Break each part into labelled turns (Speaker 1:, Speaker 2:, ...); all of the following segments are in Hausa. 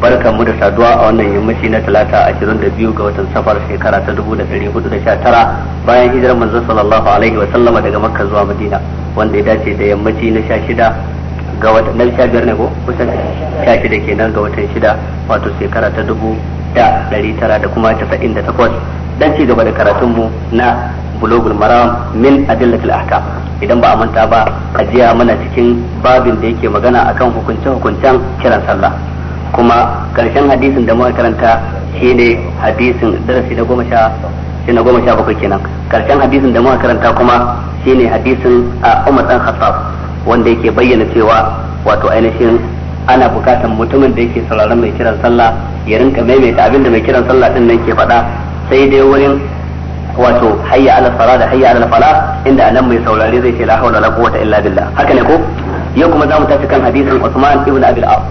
Speaker 1: barka mu da saduwa a wannan yammaci na talata ashirin da biyu ga watan safar shekara ta dubu da ɗari hudu da sha tara bayan hijirar manzo sallallahu alaihi wa sallama daga makka zuwa madina wanda ya dace da yammaci na sha shida ga watan na sha biyar ne ko kusan sha shida kenan ga watan shida wato shekara ta dubu da ɗari tara da kuma tasa'in da takwas dan ci gaba da karatunmu na bulogul maram min adillatil ahkam idan ba a manta ba ajiya mana cikin babin da yake magana akan hukunce hukuncen kiran sallah kuma karshen hadisin da muka karanta shine hadisin darasi na goma sha shi na goma sha bakwai kenan karshen hadisin da muka karanta kuma shine hadisin a Umar dan Khattab wanda yake bayyana cewa wato ainihin ana bukatan mutumin da yake sauraron mai kiran sallah ya rinka maimaita abin da mai kiran sallah din nan ke faɗa sai dai wurin wato hayya ala sala da hayya ala fala inda anan mai saurare zai ce la hawla wala quwwata illa billah haka ne ko yau kuma zamu tafi kan hadisin Usman ibn Abi al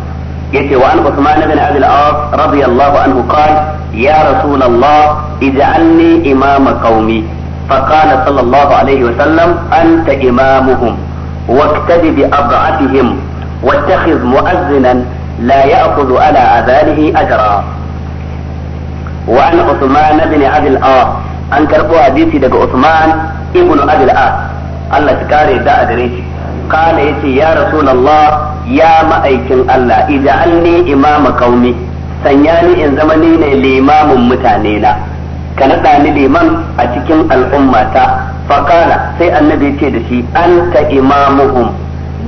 Speaker 1: yace wa an Uthman ibn Abi al-As radiyallahu anhu qala ya rasul Allah ij'alni imama qaumi فقال صلى الله عليه وسلم أنت إمامهم واقتد بأضعفهم واتخذ مؤذنا لا يأخذ على أذانه أجرا وعن عثمان بن أبي الآس أن كربوا حديثي دق عثمان ابن أبي الآس الله تكاري دا أدريش قال يتي يا رسول الله ya ma'aikin Allah idan an ne imama kaumi sanya ni in zama ni ne limamin mutane na ka naɗa ni liman a cikin al'umma ta faƙara sai annabi ce da shi anta imamuhum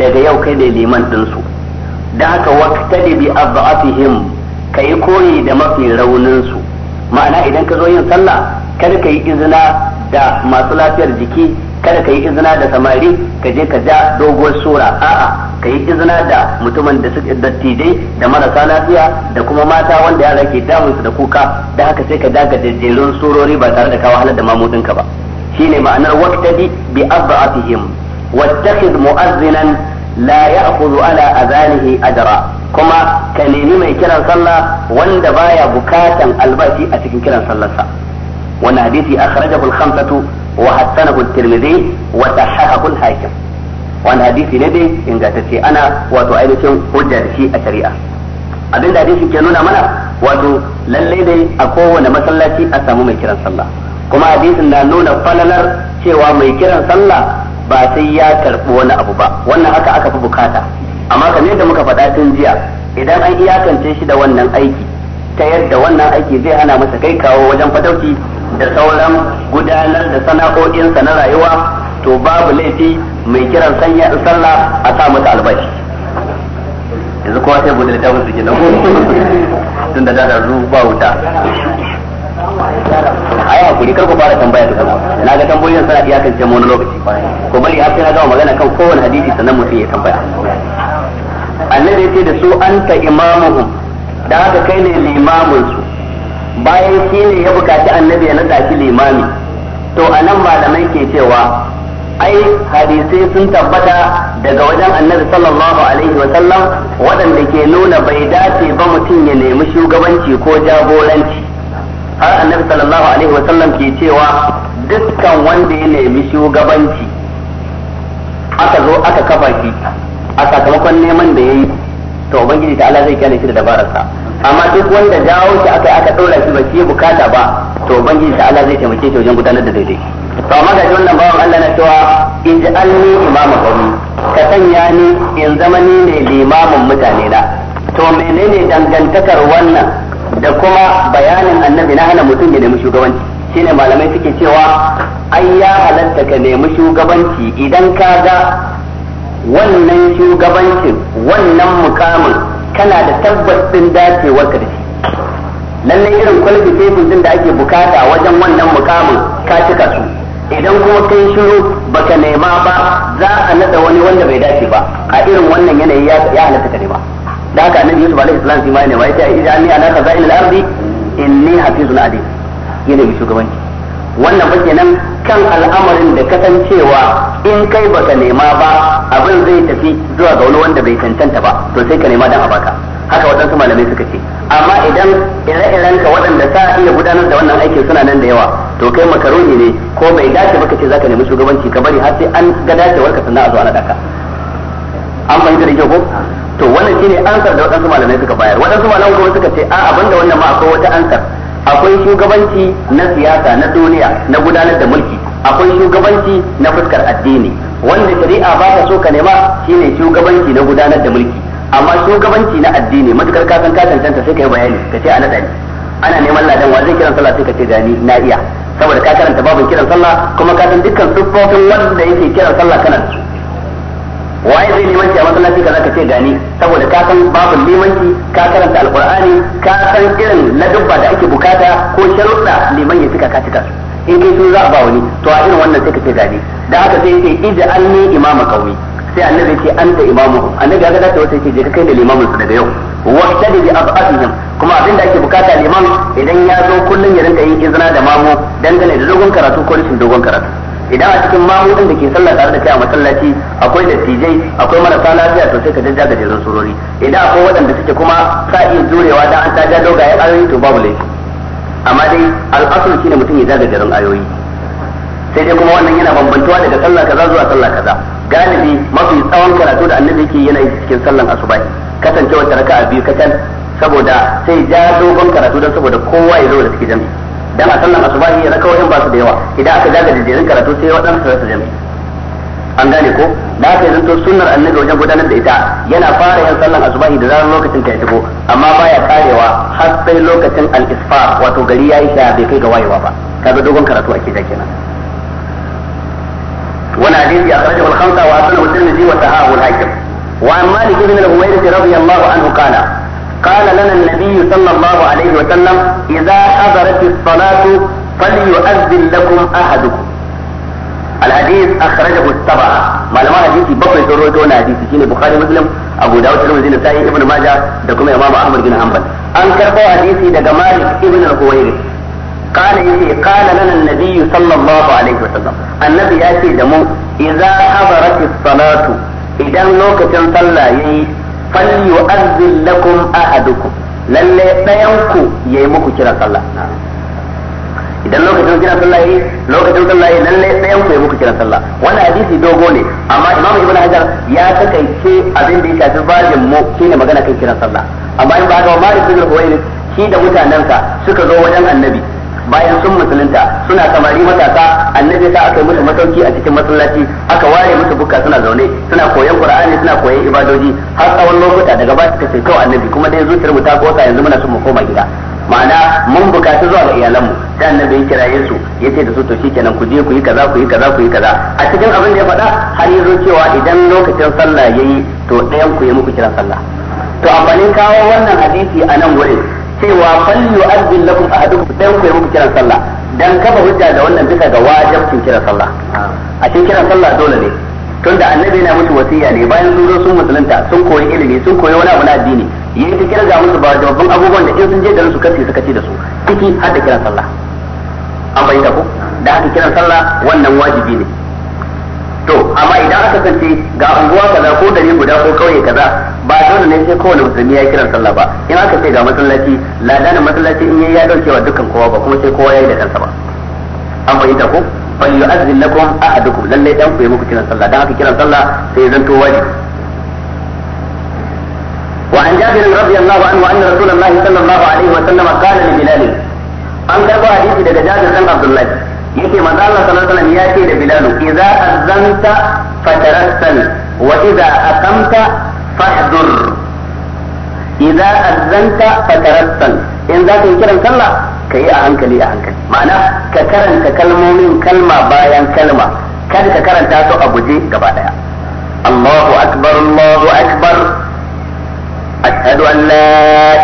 Speaker 1: daga yau kai ne liman ɗinsu da haka waqtadi bi adhafihim kai koyi da mafi rauninsu ma'ana idan ka zo yin sallah kar ka yi izina da masu lafiyar jiki kada ka yi izina da samari ka je ka ja doguwar sura a'a ka yi izina da mutumin da suke dattijai da marasa lafiya da kuma mata wanda yara ke damun su da kuka da haka sai ka ja ga gajejerun surori ba tare da ka wahalar da mamudin ka ba shine ma'anar waqtadi bi adba'atihim wattakhidh mu'azzinan la ya'khudhu ala adhanihi ajra kuma ka nemi mai kiran sallah wanda baya bukatan albashi a cikin kiran sallarsa wannan hadisi akhrajahu al-khamsatu وحسنه الترمذي وصححه الحاكم wani hadisi ne dai ingantacce ana wato ainihin hujja shi a shari'a abin da hadisi ke nuna mana wato lalle ne a kowane masallaci a samu mai kiran sallah kuma hadisin na nuna falalar cewa mai kiran sallah ba sai ya karɓi wani abu ba wannan haka aka fi bukata amma kamar yadda muka faɗa tun jiya idan an iyakance shi da wannan aiki ta yadda wannan aiki zai hana masa kai kawo wajen fatauci da sauran gudanar da sana'o'insa na rayuwa to babu laifi mai kiran sanya sallah a sa mata albashi yanzu kowa sai bude littafin su gina tun da da ba wuta a yi hakuri kar fara tambaya da kuma na ga tambayoyin suna iyakance mu wani lokaci ko bali ya fi na gama magana kan kowane hadisi sannan mutum ya tambaya annabi ya ce da su ta imamuhu da haka kai ne limamunsu bayan shi ne ya bukaci annabi ya nada shi limami to a nan malamai ke cewa ai hadisai sun tabbata daga wajen annabi sallallahu alaihi wa sallam waɗanda ke nuna bai dace ba mutum ya nemi shugabanci ko jagoranci har annabi sallallahu alaihi wa sallam ke cewa dukkan wanda ya nemi shugabanci aka zo aka kafa shi a sakamakon neman da ya yi to ubangiji ta Allah zai kyale shi da dabararsa amma duk wanda jawo shi aka aka ɗora shi ba shi bukata ba to ubangiji ta Allah zai taimake shi wajen gudanar da daidai to amma ga wannan bawan Allah na cewa ij'alni imamu qawmi ka sanya ni in zama ni ne limamin mutane na to menene dangantakar wannan da kuma bayanin annabi na hana mutum ya nemi shugabanci shine malamai suke cewa ai ya halatta ka nemi shugabanci idan ka ga wannan shugabancin wannan mukamin kana da tabbas din dacewar ka da shi lallai irin qualification din da ake bukata wajen wannan mukamin ka cika su idan kuma kai shiru baka nema ba za a nada wani wanda bai dace ba a irin wannan yanayi ya halatta ka nema da haka annabi Yusuf alaihi salam shi ma ne wai ta idan ni ana kaza al ardi inni hafizun alim yana bi shugabanci wannan ba kenan kan al'amari san cewa in kai baka nema ba abin zai tafi zuwa ga wani wanda bai cancanta ba to sai ka nema dan abaka haka waɗansu malamai suka ce amma idan ire-iren ka waɗanda sa iya gudanar da wannan aikin suna nan da yawa to kai makaroni ne ko bai dace ba za zaka nemi shugabanci ka bari har sai an ga dacewar ka sannan a zo ana daka an fahimta da kyau ko to wannan shine ansar da waɗansu malamai suka bayar waɗansu malamai kuma suka ce a abin da wannan ma akwai wata ansar akwai shugabanci na siyasa na duniya na gudanar da mulki akwai shugabanci na fuskar addini wanda shari'a ba ta so ka nema shine shugabanci na gudanar da mulki amma shugabanci na addini matukar ka san ka cancanta sai ka yi bayani ka ce ana dani ana neman ladan wa zai kiran sallah sai ka ce gani na iya saboda ka karanta babin kiran sallah kuma ka san dukkan siffofin wanda yake kiran sallah kana su waye zai neman ki a masallaci ka ka ce gani saboda ka san babin limanci ka karanta alqur'ani ka san irin dubba da ake bukata ko sharuɗa liman ya cika ka cika su in kai su za a ba wani to a irin wannan sai ka ce zabe da haka sai ce ne imama kauye sai annabi ce anta imamu annabi ya ga dace wata ce je ka kai da limamin su daga yau da bi ab'adihim kuma abin da ake bukata liman idan ya zo kullum ya rinka yin izina da mamu dangane da dogon karatu ko rashin dogon karatu idan a cikin din da ke sallah tare da kai a masallaci akwai dattijai akwai marasa lafiya to sai ka jajja gajeren surori idan akwai waɗanda suke kuma sa iya jurewa da an ta ja dogaye ayoyi to babu laifi amma dai al'asul shine mutum ya zaga garin ayoyi sai dai kuma wannan yana bambantuwa daga sallah kaza zuwa sallah kaza galibi mafi tsawon karatu da annabi yake yana cikin sallan kasance kasancewar ta a biyu kacal saboda sai ja dogon karatu don saboda kowa ya zo da cikin jami'i dan a sallan raka rakawoyin ba su da yawa idan aka zaga jajjerin karatu sai waɗansu su jami'i an gane ko ba ka yi zanto sunnar annabi wajen gudanar da ita yana fara yin sallan asubahi da zarar lokacin ta shigo
Speaker 2: amma baya karewa
Speaker 1: har sai lokacin al-isfar wato gari yayi sha bai kai ga wayewa ba kaga dogon karatu ake da kenan
Speaker 3: wani hadisi a sarjahu al-khamsa wa sunan tirmidhi wa sahahu al-hakim wa an malik ibn al-huwayrith radiyallahu anhu kana
Speaker 2: قال لنا النبي صلى الله
Speaker 1: عليه وسلم إذا حضرت الصلاة فليؤذن لكم أحدكم الحديث أخرجه السبعة معلومة حديثي بقي سروته وانا حديثي شيني بخاري مسلم أبو داود الترمذي النسائي ابن ماجه دكم إمام أحمد بن حنبل أنكر حديثي دقا مالك ابن الهويري قال يجي قال لنا النبي صلى الله عليه وسلم النبي ياتي دمو اذا حضرت الصلاه اذا لوكتين صلى يي فليؤذن لكم احدكم lalle ɗayanku ya yi muku kiran sallah idan lokacin kiran sallah yayi lokacin sallah yayi lalle sai mu muku kiran sallah wannan hadisi dogo ne amma imamu ibnu hajar ya takaice abin da ya cikin bajin mu shine magana kan kiran sallah amma in ba ga malik bin huwairis shi da mutanensa suka zo wajen annabi bayan sun musulunta suna samari matasa annabi sa aka yi musu masauki a cikin masallaci aka ware musu bukka suna zaune suna koyon qur'ani suna koyon ibadoji har tsawon lokuta daga ba su ce kawai annabi kuma dai zuciyar mu ta kosa yanzu muna son mu koma gida ma'ana mun bukaci zuwa ga iyalanmu da annabi ya kira Yesu ya ce da su to shikenan ku je ku yi kaza ku yi kaza ku yi kaza a cikin abin da ya faɗa har ya zo cewa idan lokacin sallah yayi to ɗayan ku ya muku kiran sallah to amfanin kawo wannan hadisi a nan wurin cewa fallu azbin lakum ahadukum ɗayan ku ya muku kiran sallah dan kafa hujja da wannan bisa ga wajibcin kiran sallah a cikin kiran sallah dole ne da annabi yana musu wasiya ne bayan sun zo sun musulunta sun koyi ilimi sun koyi wani abu na addini yi ta kirga musu ba babban abubuwan da in sun je garin su kace suka ci da su ciki har da kiran sallah an bayyana ko da haka kiran sallah wannan wajibi ne to amma idan aka kasance ga unguwa kaza ko ne guda ko kauye kaza ba dole ne sai kowane musulmi ya kiran sallah ba in aka ce ga masallaci ladanin masallaci in yayi ya daukewa dukkan kowa ba kuma sai kowa yayi da kansa ba an bayyana ko فليؤذن لكم احدكم لن dan في yi muku kiran sallah dan haka kiran sallah وعن جابر رضي الله عنه أن رسول الله صلى الله عليه وسلم قال لبلال أن تبقى حديث دقى جابر بن عبد الله يكي ما قال صلى الله عليه وسلم ياتي لبلال إذا أذنت فترسل وإذا أقمت فاحذر إذا أذنت فترسل إن ذاك يكرم صلى ka yi a hankali a hankali ma'ana ka karanta kalmomin kalma bayan kalma kada ka karanta su a guje gaba daya Allahu akbar Allahu akbar ashhadu an la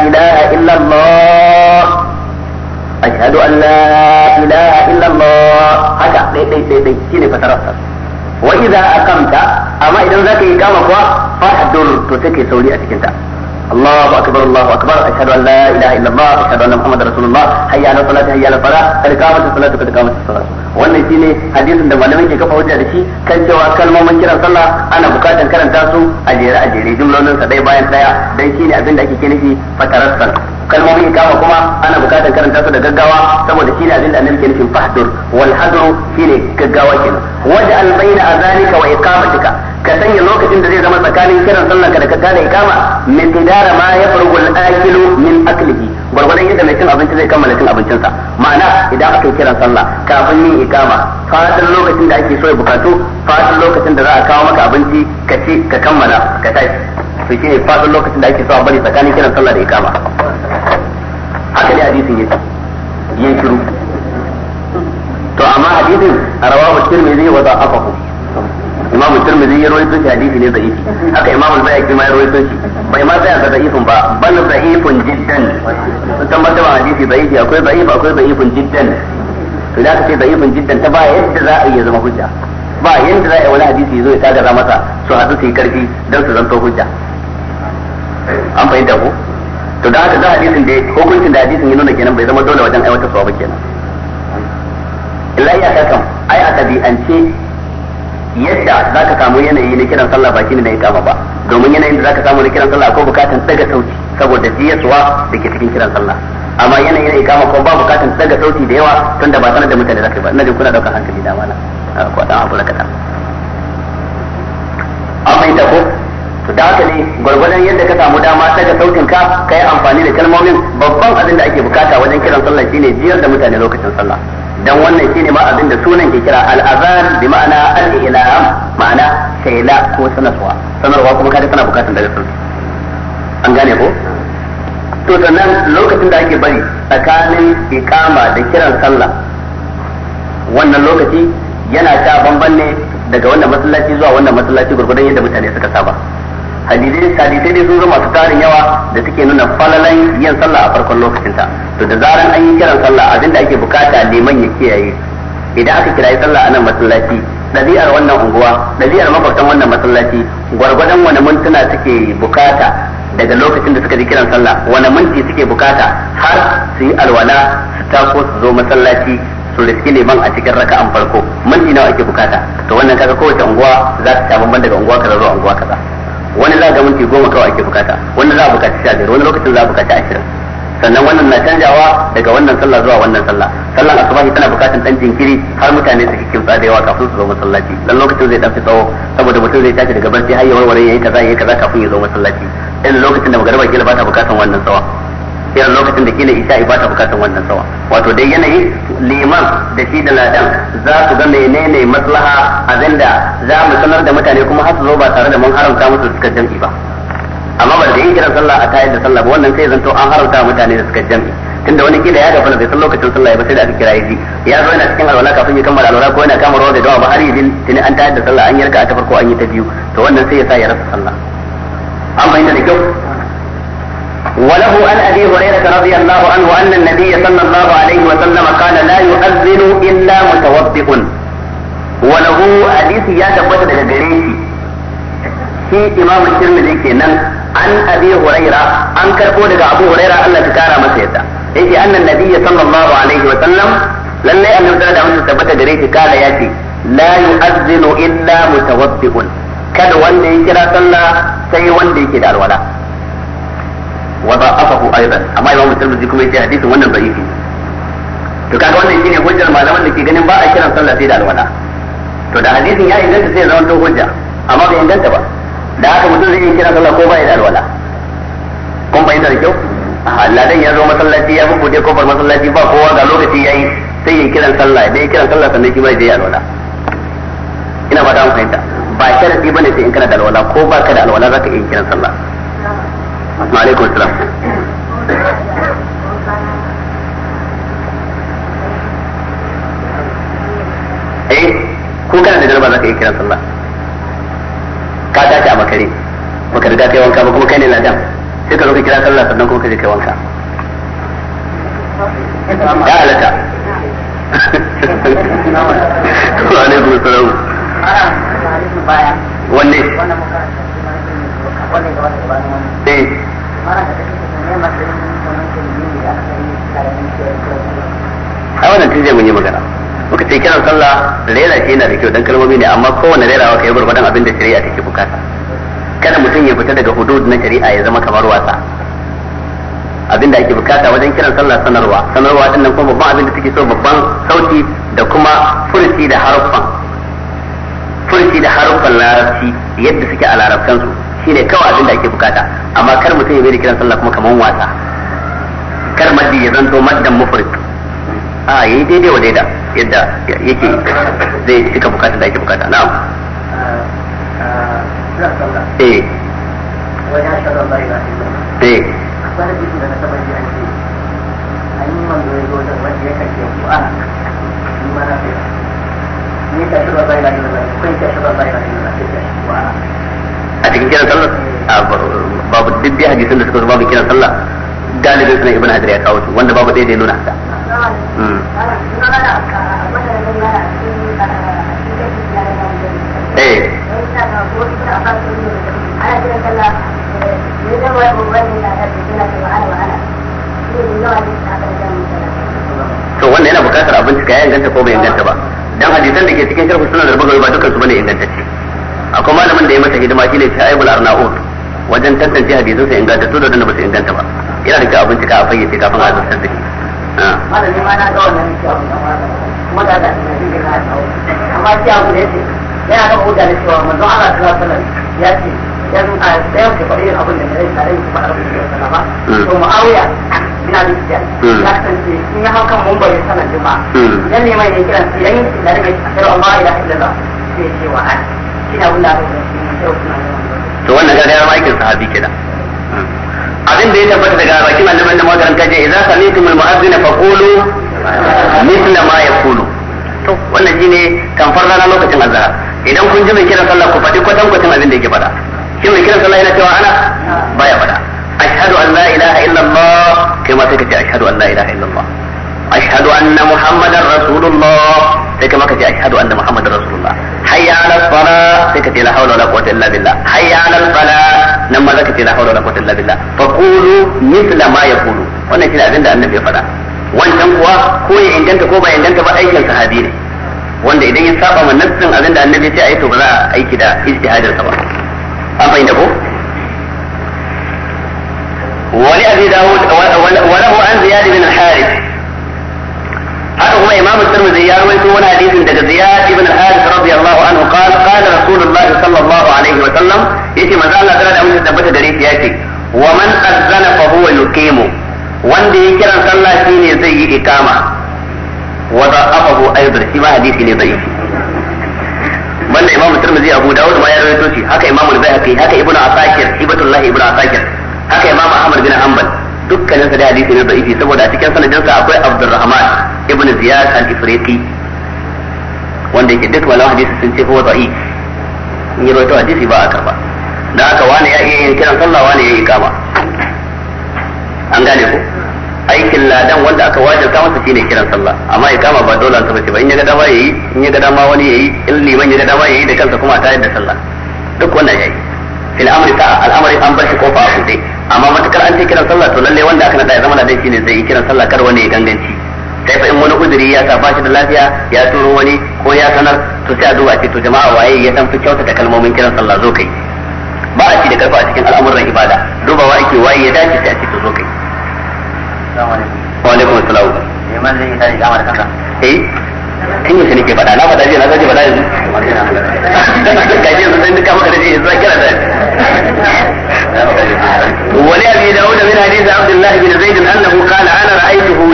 Speaker 1: ilaha illa Allah ashhadu an la ilaha illa Allah haka dai dai dai dai shine sa wa idza aqamta amma idan zaka yi kama kuwa fahdur to take sauri a cikin ta الله اكبر الله اكبر اشهد ان لا اله الا الله اشهد ان محمد رسول الله حي على الصلاه حي على الفلاح قد قامت الصلاه قد قامت الصلاه wannan hadisin da malamai ke kafa hujja da shi kan cewa kalmomin kiran sallah ana bukatan karanta su a jere a jere jumlolin sa dai bayan daya dan shine abin da ake nufi fatarar sallah kalmomin ikama kuma ana bukatar karanta su da gaggawa saboda ne abin da annabi ke nufin fahdur wal hadru ne gaggawa kenan waj'al baina azanika wa iqamatika ka sanya lokacin da zai zama tsakanin kiran sallar ka da ka da ikama min idara ma ya fargul akilu min aklihi gwargwadon yadda mai cin abinci zai kammala cin abincinsa ma'ana idan aka yi kiran sallah kafin yin ikama fatan lokacin da ake so ya bukatu fatan lokacin da za a kawo maka abinci ka ci ka kammala ka tashi to shi ne fatan lokacin da ake so a bari tsakanin kiran sallah da ikama haka ne hadisin yake yin shiru to amma hadisin rawahu tirmidhi wa da'afahu imam turmizi ya rawaito shi hadisi ne da'ifi
Speaker 3: haka imam al-bayhaqi ma ya rawaito
Speaker 1: shi bai ma tsaya ga da'ifin ba bal da'ifun jiddan san ba da hadisi da'ifi akwai da'if akwai da'ifun jiddan to da kace da'ifun jiddan ta ba yadda za a yi zama hujja ba yadda za a yi wani hadisi zo ya tagara masa su hadu su yi karfi don su zanto hujja an fahimta ko to da haka da hadisin da hukuncin da hadisin ya nuna kenan bai zama dole wajen aiwatar su ba kenan illa ya kakan ai a tabi'ance yadda za ka samu yanayi na kiran sallah ba shine na ikama ba domin yanayin da za ka samu na kiran sallah ko bukatan daga sauti saboda jiyaswa da ke cikin kiran sallah amma yanayi na ikama ko ba bukatan daga sauti da yawa tun da ba sanar da mutane za ka yi ba ina jin kuna daukar hankali da na ko dan abu lakata amma ita ko to da haka ne gwargwadon yadda ka samu dama daga sautin ka kai amfani da kalmomin babban abin da ake bukata wajen kiran sallah shine jiyar da mutane lokacin sallah dan wannan shine ma abin da sunan ke kira al-azan bi ma'ana al ma'ana sayla ko sanarwa sanarwa kuma kada kana bukatun daga sun an gane ko to sannan lokacin da ake bari tsakanin ikama da kiran sallah wannan lokaci yana ta bamban ne daga wannan masallaci zuwa wannan masallaci gurgurdan yadda mutane suka saba hadidai sai dai sun zo masu tarin yawa da suke nuna falalan yin sallah a farkon lokacin lokacinta to da zaran an yi kiran sallah da ake bukata neman ya kiyaye idan aka kira sallah a nan masallaci ɗabi'ar wannan unguwa ɗabi'ar makwabtan wannan masallaci gwargwadon wani mintuna suke bukata daga lokacin da suka ji kiran sallah wani minti suke bukata har su yi alwala su tako su zo masallaci su riski neman a cikin raka'an farko minti nawa ake bukata to wannan kaga kowace unguwa za ta sha bamban daga unguwa kaza zuwa unguwa kaza wani za ga minti goma kawai ake bukata wani za a bukaci sha biyar wani lokacin za a bukaci ashirin
Speaker 3: sannan wannan na canjawa
Speaker 1: daga wannan sallah zuwa wannan sallah sallan asubahi tana bukatan dan jinkiri har mutane su kikin da yawa kafin su zo masallaci dan lokacin zai dafi tsawo saboda mutum zai tashi daga barci har ya warware yayi kaza yayi kaza kafin ya zo masallaci dan lokacin da magariba kila ba ta bukatan wannan tsawa kiran lokacin da kila isha'i ba ta bukatar wannan sawa wato dai yanayi liman da shi da ladan za su ga menene maslaha abinda za mu sanar da mutane kuma har su zo ba tare da mun haramta musu suka jam'i ba amma ba da yin kiran sallah a tayar da sallah ba wannan sai zanto an haramta mutane da suka jam'i tunda wani kila ya gafa bai san lokacin sallah ba sai da aka kira yi ya zo yana cikin alwala kafin ya kammala alwala ko yana kama rawa da dawa ba har yi tuni an tayar da sallah an yarka a ta farko an yi ta biyu to wannan sai ya sa ya rasa sallah an bayyana da kyau وله عن ابي هريره رضي الله عنه ان النبي صلى الله عليه وسلم قال لا يؤذن الا متوضئ وله حديث يا تبت daga gare shi shi imam tirmidhi kenan an abi huraira an karbo daga abu huraira Allah ta kara masa yadda yake annan nabiy sallallahu alaihi wa sallam lalle annabi da mun tabbata gare shi kala yace la yu'adhdhinu illa mutawaddi'un kada wanda ya kira sallah sai wanda yake da alwala wa da'afahu aidan amma imamu tirmidhi kuma yace hadisin wannan da'ifi to kaga wannan shine hujjar malaman da ke ganin ba a kiran sallah sai da alwala to da hadisin ya inganta sai ya zama hujja amma bai inganta ba da haka mutum zai yi kiran sallah ko ba ya da alwala kun fahimta da kyau ladan ya zo masallaci ya bubbude kofar masallaci ba kowa ga lokaci yayi sai ya kiran sallah da ya kiran sallah sannan shi bai je alwala ina fata an fahimta ba sharadi bane sai in kana da alwala ko ba ka da alwala zaka iya kiran sallah wa alaikum assalam eh ko kana da jarba za ka yi kiran sallah ka tashi a makare baka riga kai wanka ba kuma kai ne ladan sai ka zo ka kira sallah sannan kuma ka je
Speaker 2: kai eh
Speaker 1: a wannan tun zai mun yi magana muka ce kiran sallah rera ce yana da kyau dan kalmomi ne amma kowane rerawa kai gurbadan abin da shari'a take bukata kada mutum ya fita daga hudud na shari'a ya zama kamar wasa abin da ake bukata wajen kiran sallah sanarwa sanarwa din nan kuma babban abin da take so babban sauti da kuma furci da haruffan furci da haruffan larabci yadda suke a larabcan shine kawai abin da ake bukata amma kar mutum ya bai kiran sallah kuma kamar wasa kar maddi ya zanto maddan mufrid a yi daidai wa daida yadda yake zai cika bukata da ake bukata na'am
Speaker 2: eh eh, eh. ni ta shirya bayyana ne ta shirya bayyana ne ta shirya
Speaker 1: a cikin kiran sallah babu duk biya hadisin da suka zo babu kiran sallah galibin sunan ibn hajar ya kawo su wanda babu ɗaya da ya nuna haka hmm.
Speaker 2: eh to wannan yana bukatar
Speaker 1: abinci ka ya inganta ko bai inganta ba dan hadisan da ke cikin sharh suna da bukhari ba dukkan su bane ingantacce akwai malamin da ya mata hidima shine Sha'ibul Arnaud wajen tantance hadisin sa ingantattu da wanda ba su inganta ba yana da abinci a fayyace kafin a zartar da shi
Speaker 2: ah. malami ma na ga wannan kuma da da amma abu da yana da cewa manzo Allah sallallahu alaihi wasallam ya ce a ka abin da ne da hmm. to muawiya ina da shi hmm. ya kasance in ya mun bari sanan juma'a hmm. ne mai ne kiran sai yan da ne mai Allah ya ilaha illallah sai to wannan ga dai aikin sahabi kenan abin da ya tabbata daga baki malaman da magaran kaje idza sami'tumul mu'adhdhin qulu mithla ma yaqulu to wannan shine kamfar rana lokacin azhar idan kun ji mai kira sallah ku fadi kwatan kwatan abin
Speaker 1: da yake faɗa Shin mai kira sallah yana cewa ana baya faɗa ashhadu an la ilaha illallah kai ma sai ka ce ashhadu an la ilaha illallah ashhadu anna muhammadar rasulullah sai kuma kace ashhadu anna muhammadar rasulullah hayya ala sala sai kace la hawla wala quwwata illa billah hayya ala sala nan ma zaka ce la hawla wala quwwata illa billah fa qulu mithla ma yaqulu wannan shine abinda annabi ya faɗa wancan kuwa ko ya inganta ko ba inganta ba aikin sahabi ne wanda idan ya saba ma nassin abinda annabi ya ce ayi to a aiki da sa ba an fahimta ko ولأبي داود وله عن زياد بن الحارث haka kuma imamu tirmidhi ya rawaito wani hadisin daga ziyad ibn al-harith radiyallahu anhu qala qala rasulullahi sallallahu alaihi wa sallam yace manzo Allah tana da mutunta tabbata gare shi yace wa man azzana fa huwa yuqimu wanda ya kiran sallah shine zai yi ikama wa da'afahu aidan shi ma hadisi ne zai yi banda imam tirmidhi abu dawud ma ya rawaito shi haka imam al-bayhaqi haka asakir ibnu asakir haka ahmad bin hanbal dukkanin sa da hadisi ne da'ifi saboda a cikin sanadin sa akwai Abdurrahman ibn Ziyad al-Ifriqi wanda yake duk malaman hadisi sun ce huwa da'if in yi rawaito hadisi ba a karba
Speaker 2: da haka wani ya iya yin kiran sallah wani ya yi
Speaker 1: kama an gane ko
Speaker 2: aikin ladan wanda aka ta
Speaker 1: masa shine kiran sallah amma ya kama ba dole an saba ba in ya ga dama yayi in ya ga dama wani yayi in liman ya ga dama yayi da kansa kuma a tayar da sallah duk wannan yayi fil amri ka al'amari an bar shi kofa a dai amma matakar an ce kiran sallah to lalle wanda aka nada ya zama da dai shine zai yi kiran sallah kar wani ya ganganci sai fa in wani uzuri ya sa bashi da lafiya ya turo wani ko ya sanar to sai a duba ce to jama'a waye ya san fi kyautata kalmomin kiran sallah zo kai ba a ci da karfa a cikin al'amuran ibada duba wa ake waye ya dace sai a ce to zo kai wa alaikum assalam neman eh, zai tun yaushe nake faɗa na faɗa jiya na zaje faɗa yanzu kana da kaji duka maka da jiya zai kira da ولأبي داود من حديث عبد الله بن زيد أنه قال أنا رأيته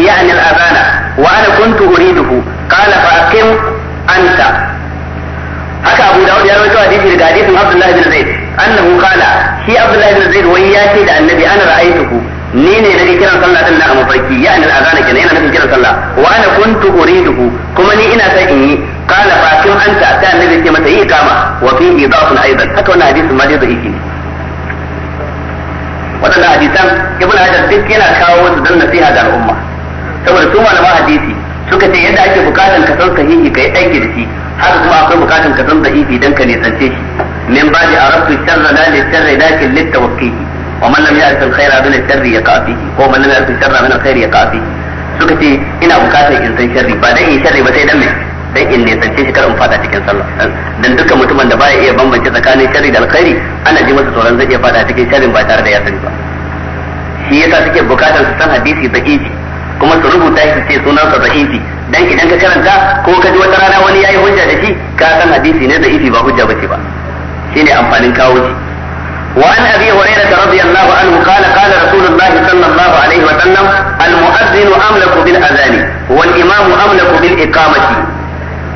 Speaker 3: haka Abu Dawud ya rawaito hadisi daga hadisin
Speaker 1: Abdullah bin Zaid annahu qala shi Abdullah bin Zaid wai ya ce da annabi ana ra'aytuhu ni ne nake kiran sallah din na a mafarki ya anil azana kenan yana nake kiran sallah wa ana kuntu uriduhu kuma ni ina son in yi qala fa kun anta ta annabi ce masa yi kama wa fi idafun aidan haka wannan hadisin ma dai da yake wannan hadisan ibnu hajar duk yana kawo su dan nasiha ga al'umma saboda su malama hadisi suka ce yadda ake bukatan ka san sahihi kai aiki da shi haka kuma akwai bukatan ka san sahihi dan ka ne tsance shi min ba da arabtu sharra la li sharri lakin lit tawqihi wa man lam ya'rif al-khaira min al-sharri yaqa ko man lam ya'rif al-sharra min al-khairi yaqa suka ce ina bukatar in san sharri ba dan in sharri ba sai dan me dan in ne sance shi karin fada cikin sallah dan dukkan mutumin da baya iya bambance tsakanin sharri da alkhairi ana ji masa tsoron zai iya fada cikin sharrin ba tare da ya sani ba shi yasa suke bukatar su san hadisi da iji kuma su rubuta shi ce sunan sa da'ifi dan idan ka karanta ko ka ji wata rana wani yayi hujja da shi ka san hadisi ne da'ifi ba hujja bace ba shine amfanin kawo shi وعن ابي هريره رضي الله عنه قال قال رسول الله صلى الله عليه وسلم المؤذن املك بالاذان والامام املك بالاقامه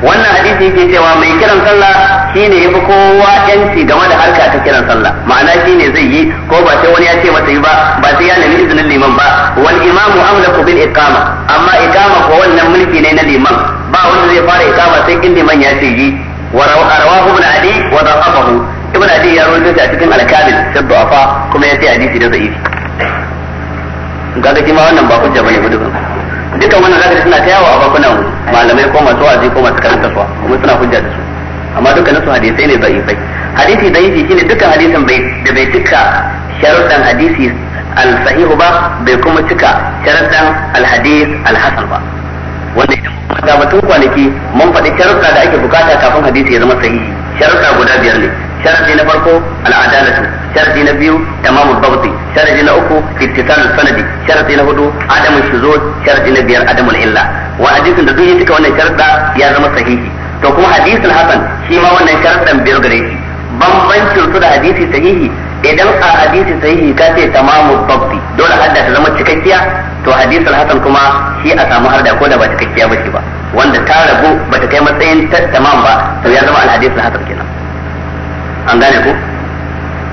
Speaker 1: wannan hadisi ke cewa mai kiran sallah shine yafi kowa yanci game da harka ta kiran sallah ma'ana shine zai yi ko ba sai wani ya ce masa yi ba ba sai ya nemi izinin liman ba wal imamu amlaku bil iqama amma iqama ko wannan mulki ne na liman ba wanda zai fara iqama sai in liman ya ce yi wa rawahu ibn ali wa dhahabahu ibn adi ya rawaito shi a cikin al-kamil sabba afa kuma ya sai hadisi da zaifi kaga shi ma wannan ba hujja bane ba dukan dukan wannan zaka suna ta yawa a bakunan malamai ko masu wazi ko masu karanta suwa kuma suna hujja da su amma dukkanin su hadisai ne zaifai hadisi da zaifi shine dukkan hadisin bai da bai cika sharuɗan hadisi al-sahihu ba bai kuma cika sharuɗan al-hadis al-hasan ba wanda idan kuma batun kwanaki mun faɗi sharuɗa da ake bukata kafin hadisi ya zama sahihi sharuɗa guda biyar ne sharadi na farko al'adalatu sharadi na biyu tamamu bauti sharadi na uku ittisal sanadi sharadi na hudu adamu shuzuz sharadi na biyar adamu illa wa hadisin da duk ya cika wannan sharuɗa ya zama sahihi to kuma hadisin hasan shi ma wannan sharuɗan biyar gare shi bambancin su da hadisi sahihi idan a hadisi sahihi ka ce tamamu babbi dole hadda ta zama cikakkiya to hadisul hasan kuma shi a samu harda ko da ba cikakkiya ba shi ba wanda ta rabu bata kai matsayin tamam ba to ya zama alhadisul hasan kenan an gane ku?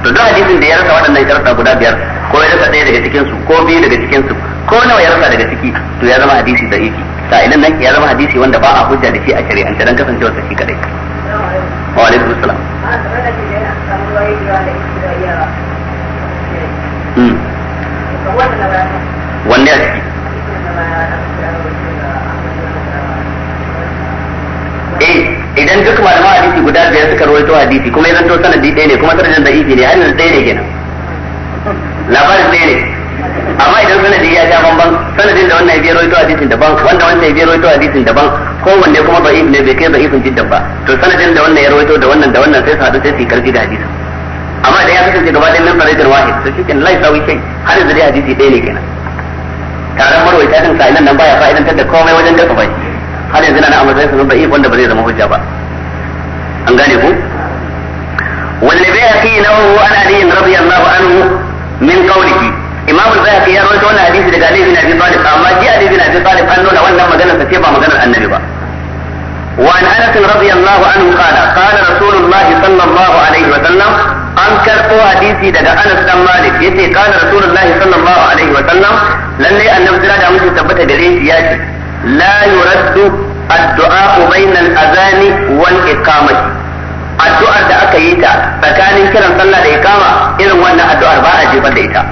Speaker 1: to duk hadisin da ya rasa waɗannan sharuɗa guda biyar ko ya rasa ɗaya daga cikin su ko biyu daga cikin su ko nawa ya rasa daga ciki to ya zama hadisi da yake sa'ilan nan ya zama hadisi wanda ba a hujja da shi a shari'ance dan kasancewar sa shi kadai
Speaker 2: wa alaikum assalam hmm. wanne a ciki idan duk malaman hadisi
Speaker 1: guda biyar suka rawaito hadisi kuma yanzu to sanadi ɗaya ne kuma sanadin da ifi ne yanzu ɗaya ne kenan labarin ɗaya ne amma idan sanadi ya ja banban sanadin da wannan ya biyar rawaito hadisin daban wanda wannan ya biyar rawaito hadisin daban kowanne kuma ba ne bai kai ba ifin jiddan ba to sanadin da wannan ya rawaito da wannan da wannan sai su haɗu sai su yi karfi da hadisin amma da ya kasance gaba ɗaya nan farajin wahid to kenan lai sawi kai har da hadisi ɗaya ne kenan taron marwaita ɗin sa'ilan nan baya fa'idantar da komai wajen dafa baki har yanzu na a matsayin sa da'if wanda ba zai zama hujja ba an gane ku wal bayhaqi nawu an ali radiyallahu Anu min qawlihi imam al-bayhaqi ya rawaito wannan hadisi daga ali bin abi talib amma ji ali bin abi talib an nuna wannan maganar sa ce ba maganar annabi ba وعن انس رضي الله عنه قال قال رسول الله صلى الله عليه وسلم an karɓo hadisi daga Anas dan Malik yace kana Rasulullahi sallallahu alaihi wa sallam lalle annabi jira da mutum tabbata da shi ya ce la duk addu'a bainal azani wal iqamati addu'ar da aka yi ta tsakanin kiran sallah da ikama irin wannan addu'ar ba a jefar da ita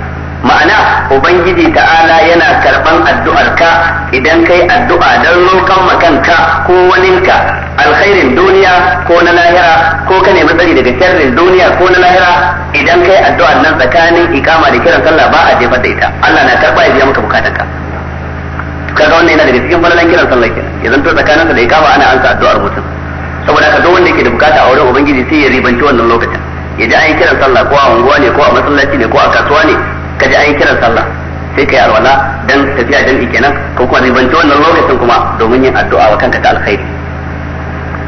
Speaker 1: ma'ana ubangiji ta'ala yana karban addu'ar ka idan kai addu'a don roƙon makanka ko waninka alkhairin duniya ko na lahira ko ka nemi daga sharrin duniya ko na lahira idan kai addu'ar nan tsakanin ikama da kiran sallah ba a jefar da ita Allah na karba ya biya maka bukatanka kaga wannan yana daga cikin falalan kiran sallah kenan ya zanto tsakanin da ya kama ana ansa addu'ar mutum saboda haka duk wanda ke da bukata a wurin ubangiji sai ya ribanci wannan lokacin ya ji an yi kiran sallah ko a unguwa ne ko a masallaci ne ko a kasuwa ne ka ji an yi kiran sallah sai ka yi alwala dan tafiya jam'i kenan ko kuma ribanci wannan lokacin kuma domin yin addu'a wa kanka ta alkhairi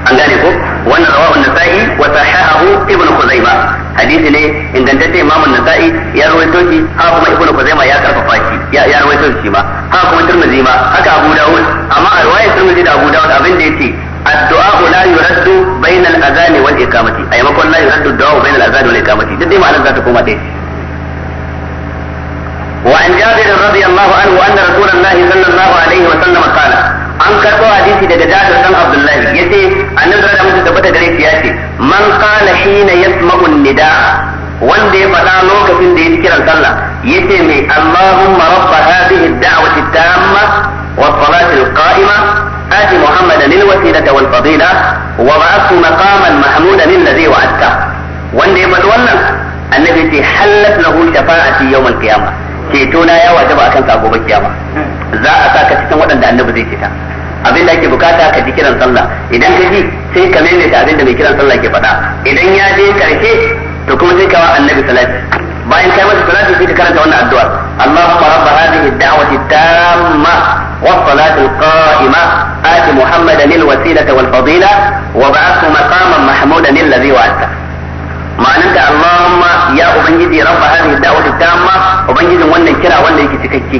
Speaker 1: an gane ko wannan rawahu nasa'i wa sahahahu ibnu khuzaimah hadisi ne ingantacce imamun nasa'i ya rawaito shi ha kuma ibnu kuzaima ya karfafa shi ya ya rawaito shi ma ha kuma tirmidhi ma haka abu dawud amma a riwayar tirmidhi da abu dawud abin da yace
Speaker 2: الدعاء لا يرد
Speaker 1: بين الاذان والاقامه اي ما لا يرد الدعاء بين الاذان والاقامه duk dai ma'anar za ta koma dai وعن جابر رضي الله عنه أن رسول الله صلى الله عليه وسلم قال أنكر karɓo hadisi daga Jabir dan Abdullahi yace annabi da mutum tabbata gare shi man qala hina yasma'u nida wanda ya faɗa lokacin da yake kiran sallah yace mai Allahumma rabb hadhihi ad-da'wati at-tamma was-salati al-qa'ima آتي محمدا الوسيلة والفضيلة وبعثت مقاما محمودا الذي وعدته wanda ya faɗi wannan annabi ce hallat lahu shafa'ati yawmal qiyama ceto na ya wajaba akan ka gobe kiyama za a saka cikin waɗanda annabi zai cita abin da ake bukata ka ji kiran sallah idan ka ji sai ka maimaita abin da mai kiran sallah ke faɗa idan ya je karshe to kuma sai ka wa annabi salati bayan kai masa salati sai ka karanta wannan addu'a Allahumma rabb hadhihi ad-da'wati tamma والصلاة القائمة آت محمدا الوسيلة والفضيلة وبعثه مقاما محمودا الذي وعدته ma'ananta Allahumma ya ubangiji rabba hadhihi da'wati tamma ubangijin wannan kira wanda yake cikakke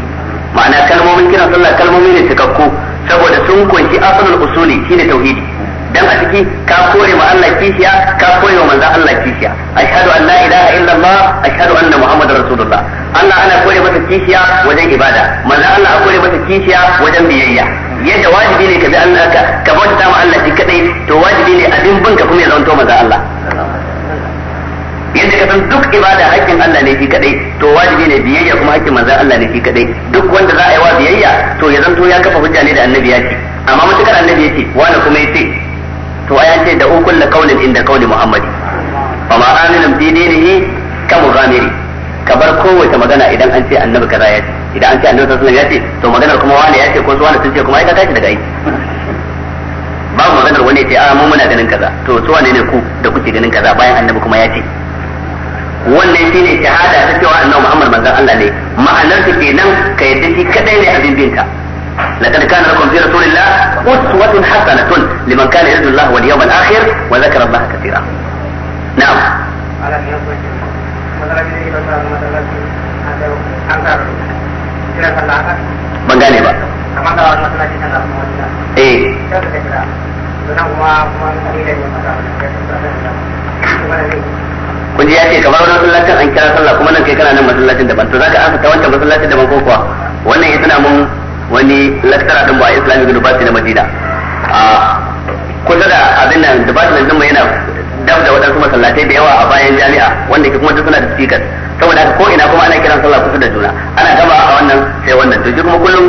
Speaker 1: ma'ana kalmomin kiran sallah kalmomi ne cikakku saboda sun kunshi asalul usuli shine tauhidi dan a ciki ka kore ma Allah kishiya ka kore wa manzon Allah kishiya ashhadu an la ilaha illallah ashhadu anna muhammadar rasulullah Allah ana kore masa kishiya wajen ibada manza Allah a kore masa kishiya wajen biyayya yadda wajibi ne ka bi Allah ka bauta ma Allah shi kadai to wajibi ne abin bin ka kuma ya zanto manzon Allah yadda ka san duk ibada hakkin Allah ne shi kadai to wajibi ne biyayya kuma hakkin manzon Allah ne shi kadai duk wanda za a yi wa biyayya to ya zanto ya kafa hujja ne da annabi ya ce amma mutukar annabi ya ce wani kuma ya ce to ayan ce da ukul la qaulin inda qauli muhammadi fa ma aminu bi dinihi
Speaker 2: ka muzamiri
Speaker 1: ka bar kowace magana idan an ce annabi kaza ya ce idan an ce annabi sallallahu ya ce to maganar kuma wani ya ce ko su wani sun ce kuma ai ka tashi daga aiki babu maganar wani ya ce a mu muna ganin kaza to su wane ne ku da kuke ganin kaza bayan annabi kuma ya ce wannan shine shahada ta cewa annabi Muhammad manzon Allah ne ma'anar ta kenan ka yadda shi kadai ne abin binta لقد كان لكم في رسول الله أسوة حسنة لمن كان يرجو الله واليوم الآخر وذكر الله كثيرا
Speaker 2: نعم ban gane ba eh kuma
Speaker 1: kun ji ya ce ka wani masallacin an kira sallah kuma nan kai kana nan masallacin daban to zaka asa ta wancan masallacin daban ko kuwa wannan ya tana mun wani lakcara din ba Islamic University na Madina a kusa da abin nan department din mu yana dab da wadansu masallatai da yawa a bayan jami'a wanda ke kuma ta suna da tikas saboda haka ko ina kuma ana kiran sallah kusa da juna
Speaker 3: ana gama a wannan
Speaker 1: sai wannan to kuma kullum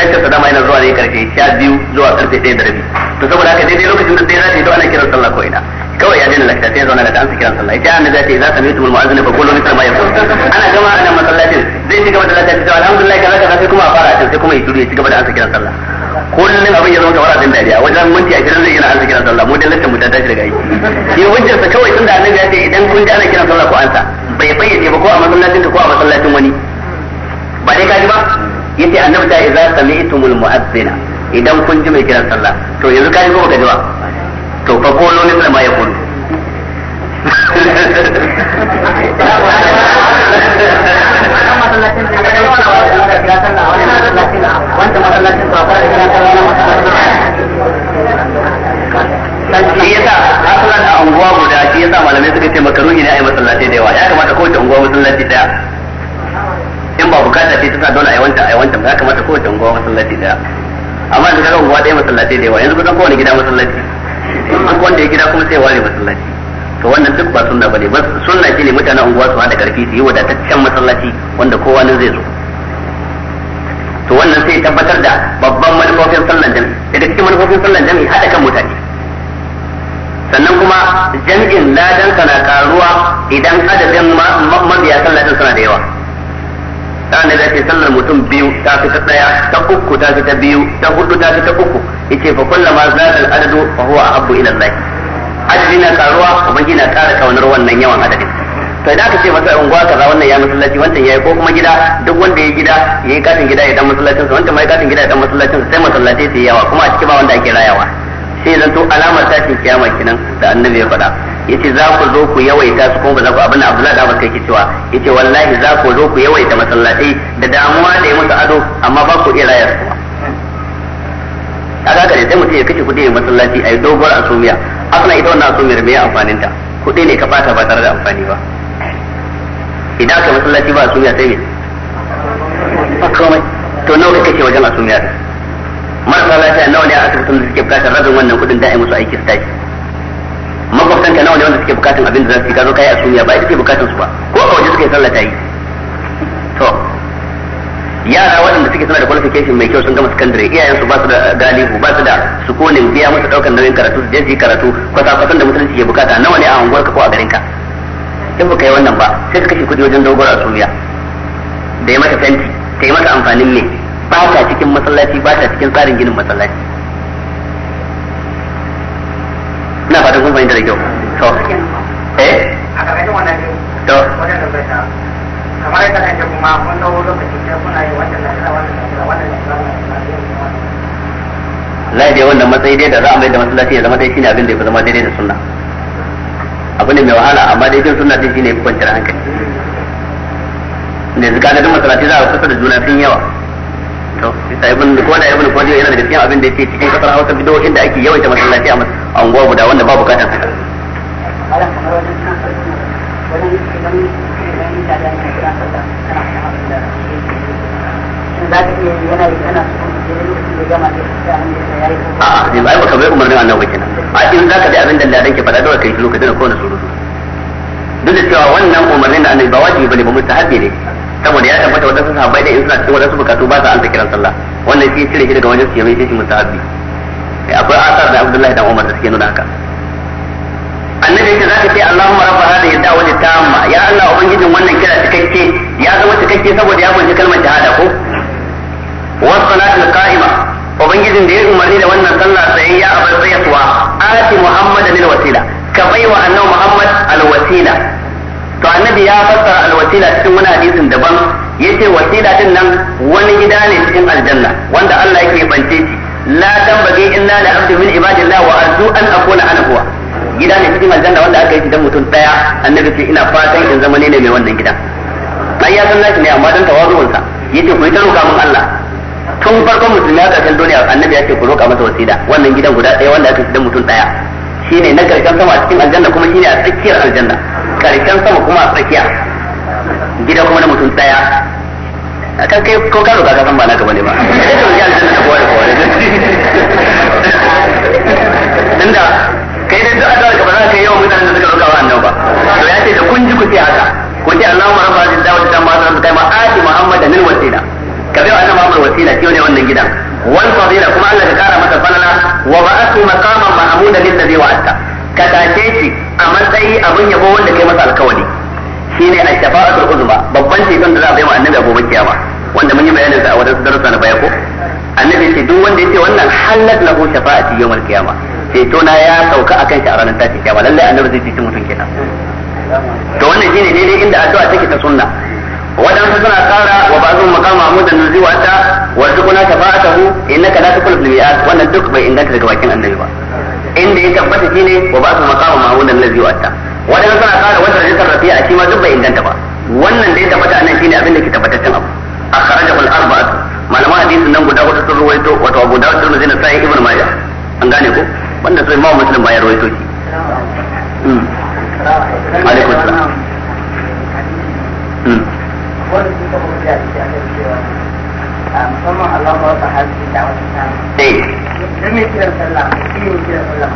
Speaker 1: lakcar sa dama yana zuwa ne sha biyu zuwa karfe ɗaya da rabi to saboda haka daidai lokacin da ɗaya za ta yi to ana kiran sallah ko ina kawai ya daina lakta sai zauna daga an kiran sallah ya ce an ce idza sami'tum al-mu'adhdhin fa qulu mithla ma yaqul ana gama ana masallacin zai ci gaba da lakta cewa alhamdulillah kaza kaza sai kuma a fara sai kuma ya turu ya ci gaba da an kiran sallah kullum abin ya zama kamar abin dariya wajen minti a kiran zai yana an kiran sallah mu lakta mu ta tashi daga aiki shi hujjar sa kawai tunda annabi ya ce idan kun ji ana kiran sallah ko an sa bai bayyane ba ko a masallacin ka ko a masallacin wani ba dai kaji ba yace annabi ta idza sami'tumul idan kun ji mai kiran sallah to yanzu kaji ko baka ji ba to fa qulu mithla a ne ya kamata kowace unguwa masallaci daya in ba sa a yi wancan a yi wancan ya kamata unguwa masallaci daya amma da kaga unguwa ɗaya masallaci da yawa yanzu kusan kowane gida masallaci duk wanda ya gida kuma sai ware masallaci to wannan duk ba sunna bane ba sunna shine mutanen unguwa su hada karfi su yi wadataccen masallaci wanda kowa nan zai zo to wannan sai tabbatar da babban manufofin sallan jami'i da cikin manufofin sallan jami'i hada kan mutane sannan kuma jami'in ladan sana karuwa idan adadin mabiya sallan suna da yawa da annabi ce sallar mutum biyu ta fi ta daya ta uku ta fi ta biyu ta hudu ta fi ta uku yace fa ma za al-adadu fa huwa ahabbu ila Allah adadi na karuwa kuma na kara kaunar wannan yawan adadin to idan aka ce masa unguwa kaza wannan ya masallaci wancan yayi ko kuma gida duk wanda ya gida yayi katin gida ya dan masallacin sa wancan mai katin gida ya dan masallacin sa sai masallaci sai yawa kuma a ciki ba wanda ake rayawa sai zan to alamar ce kiyama kinan da annabi ya faɗa yace za ku zo ku yawaita su kuma ba za ku abin Abdullahi da Abbas yake cewa yace wallahi za ku zo ku yawaita masallatai da damuwa da ya ado amma ba ku iya rayar su kaga kare sai mutum ya kashe kudi ya masallaci ai doguwar asumiya akwai ita wannan asumiyar me amfanin ta kudi ne ka bata ba tare da amfani ba idan aka masallaci ba asumiya sai ne komai to nawa kake wajen asumiya marasa lafiya nawa ne a asibitin da suke bukatar rabin wannan kudin da ai musu aiki su makwabtan ka nawa ne wanda suke bukatun abin da za su yi kazo kai a sunya ba ita suke bukatun su ba ko a waje suke sallah ta yi to yara waɗanda suke suna da qualification mai kyau sun gama secondary iyayen su ba su da galihu ba su da sukunin biya musu ɗaukar nauyin karatu su je su yi karatu kwata kwatan da mutunci ke bukata nawa ne a unguwar ka ko a garin ka in ba yi wannan ba sai ka kashe kuɗi wajen dogora sunya da ya mata fenti ta yi mata amfanin me ba ta cikin masallaci ba ta cikin tsarin ginin masallaci
Speaker 2: kun fahimta da kyau to eh a ƙarƙashin wannan ne to wannan tambayar ta kamar yadda jabu ma kun dawo lokaci da kuna yi wannan na kira wannan na wannan na kira za
Speaker 1: lai je wannan matsayi dai da za a mai da masallaci ya zama dai shine abin da ya fi zama daidai da sunna abu ne mai wahala amma dai sunna din shine to ibn ko da ibn ko yana da cikin abin da yake cikin kasar Hausa bidoyin da ake yawaita masallaci a anguwa guda wanda ba bukatar haka
Speaker 2: ba ai bai umarnin
Speaker 1: annabi kenan a in zaka da abin da ladan ke faɗa dole kai lokacin da kowane surutu duk da cewa wannan umarnin da annabi ba wajibi bane ba mustahabi ne saboda ya tabbata wadansu sahabbai da suna cikin wadansu bukatu ba sa alta kiran sallah wanda shi cire shi daga wajen siyamai shi musahabi eh, akwai asar da Abdullahi dan Umar da suke nuna haka annabi yake zaka ce Allahumma rabba hadhihi da'wati tamma ya Allah ubangijin wannan kira cikakke ya zama cikakke saboda ya kunshi kalmar shahada ko was salatul qa'ima ubangijin da ya umarni da wannan sallah sai ya abar tsayatuwa ati muhammadan lil wasila ka baiwa annabi muhammad al wasila to annabi ya fassara alwasila cikin wani hadisin daban yace wasila din nan wani gida ne cikin aljanna wanda Allah yake bance shi la tambage inna la abdu min ibadillah wa arju an akuna ana huwa gida ne cikin aljanna wanda aka yi shi dan mutum daya annabi ce ina fatan in zama ne mai wannan gida ai ya san nashi ne amma dan tawazuwansa yace ku yi ta roƙa mun Allah tun farkon musulmi ya karshen duniya annabi ya ce ku roƙa masa wasila wannan gidan guda daya wanda aka yi shi dan mutum daya shine na karshen sama a cikin aljanna kuma shine a tsakiyar aljanna karshen sama kuma a tsakiya gida kuma na mutum daya a kan kai ko ka roka ka san ba na gaba ne ba sai ka aljanna ta kowa da kowa da kai da duk da ba za ka yi wa mutanen da suka roka wa annabi ba to ya ce da kun ji ku ce haka ku ce Allahumma rabba hadhihi da'wati tamma wa kai ma ati muhammadan lil wasila ka bai annabi Muhammad wasila shi ne wannan gidan wal fadila kuma Allah ya kara masa falala wa ba'athu maqaman mahmuda lil ladhi wa'adta ka tace shi a matsayi abin yabo wanda kai masa alkawari shine ash-shafa'atul uzma babban ceton da za a bai wa annabi a gobe kiyama wanda mun yi bayanin sa a wadansu darussa na baya ko annabi ce duk wanda yace wannan halat lahu shafa'ati yawmal kiyama ceto na ya sauka akan shi a ranar tashin kiyama lallai annabi zai cece mutum kenan to wannan shine daidai inda addu'a take ta sunna waɗansu suna kara wa ba'dhu maqama amudan nuziwa ta wa hu shafa'atahu ka la ta kula mi'at wannan duk bai inganta daga bakin annabi ba inda ya tabbata shine wa ba su maqama ma'mudan allazi wa'ata wadan suna kara wata rajin rafi'a a cima duk bai inganta ba wannan da ya tabbata anan shine abin da ke tabbataccen abu a akhrajahu al-arba'atu malama hadisin nan guda hudu sun ruwaito wato Abu da Tirmidhi zina Sahih Ibn maja an gane ko wanda sai Imam Muslim ba ruwaito shi
Speaker 2: hmm. alaikum salam musamman Allah eh. ba da wata dan kiran sallah kiran sallah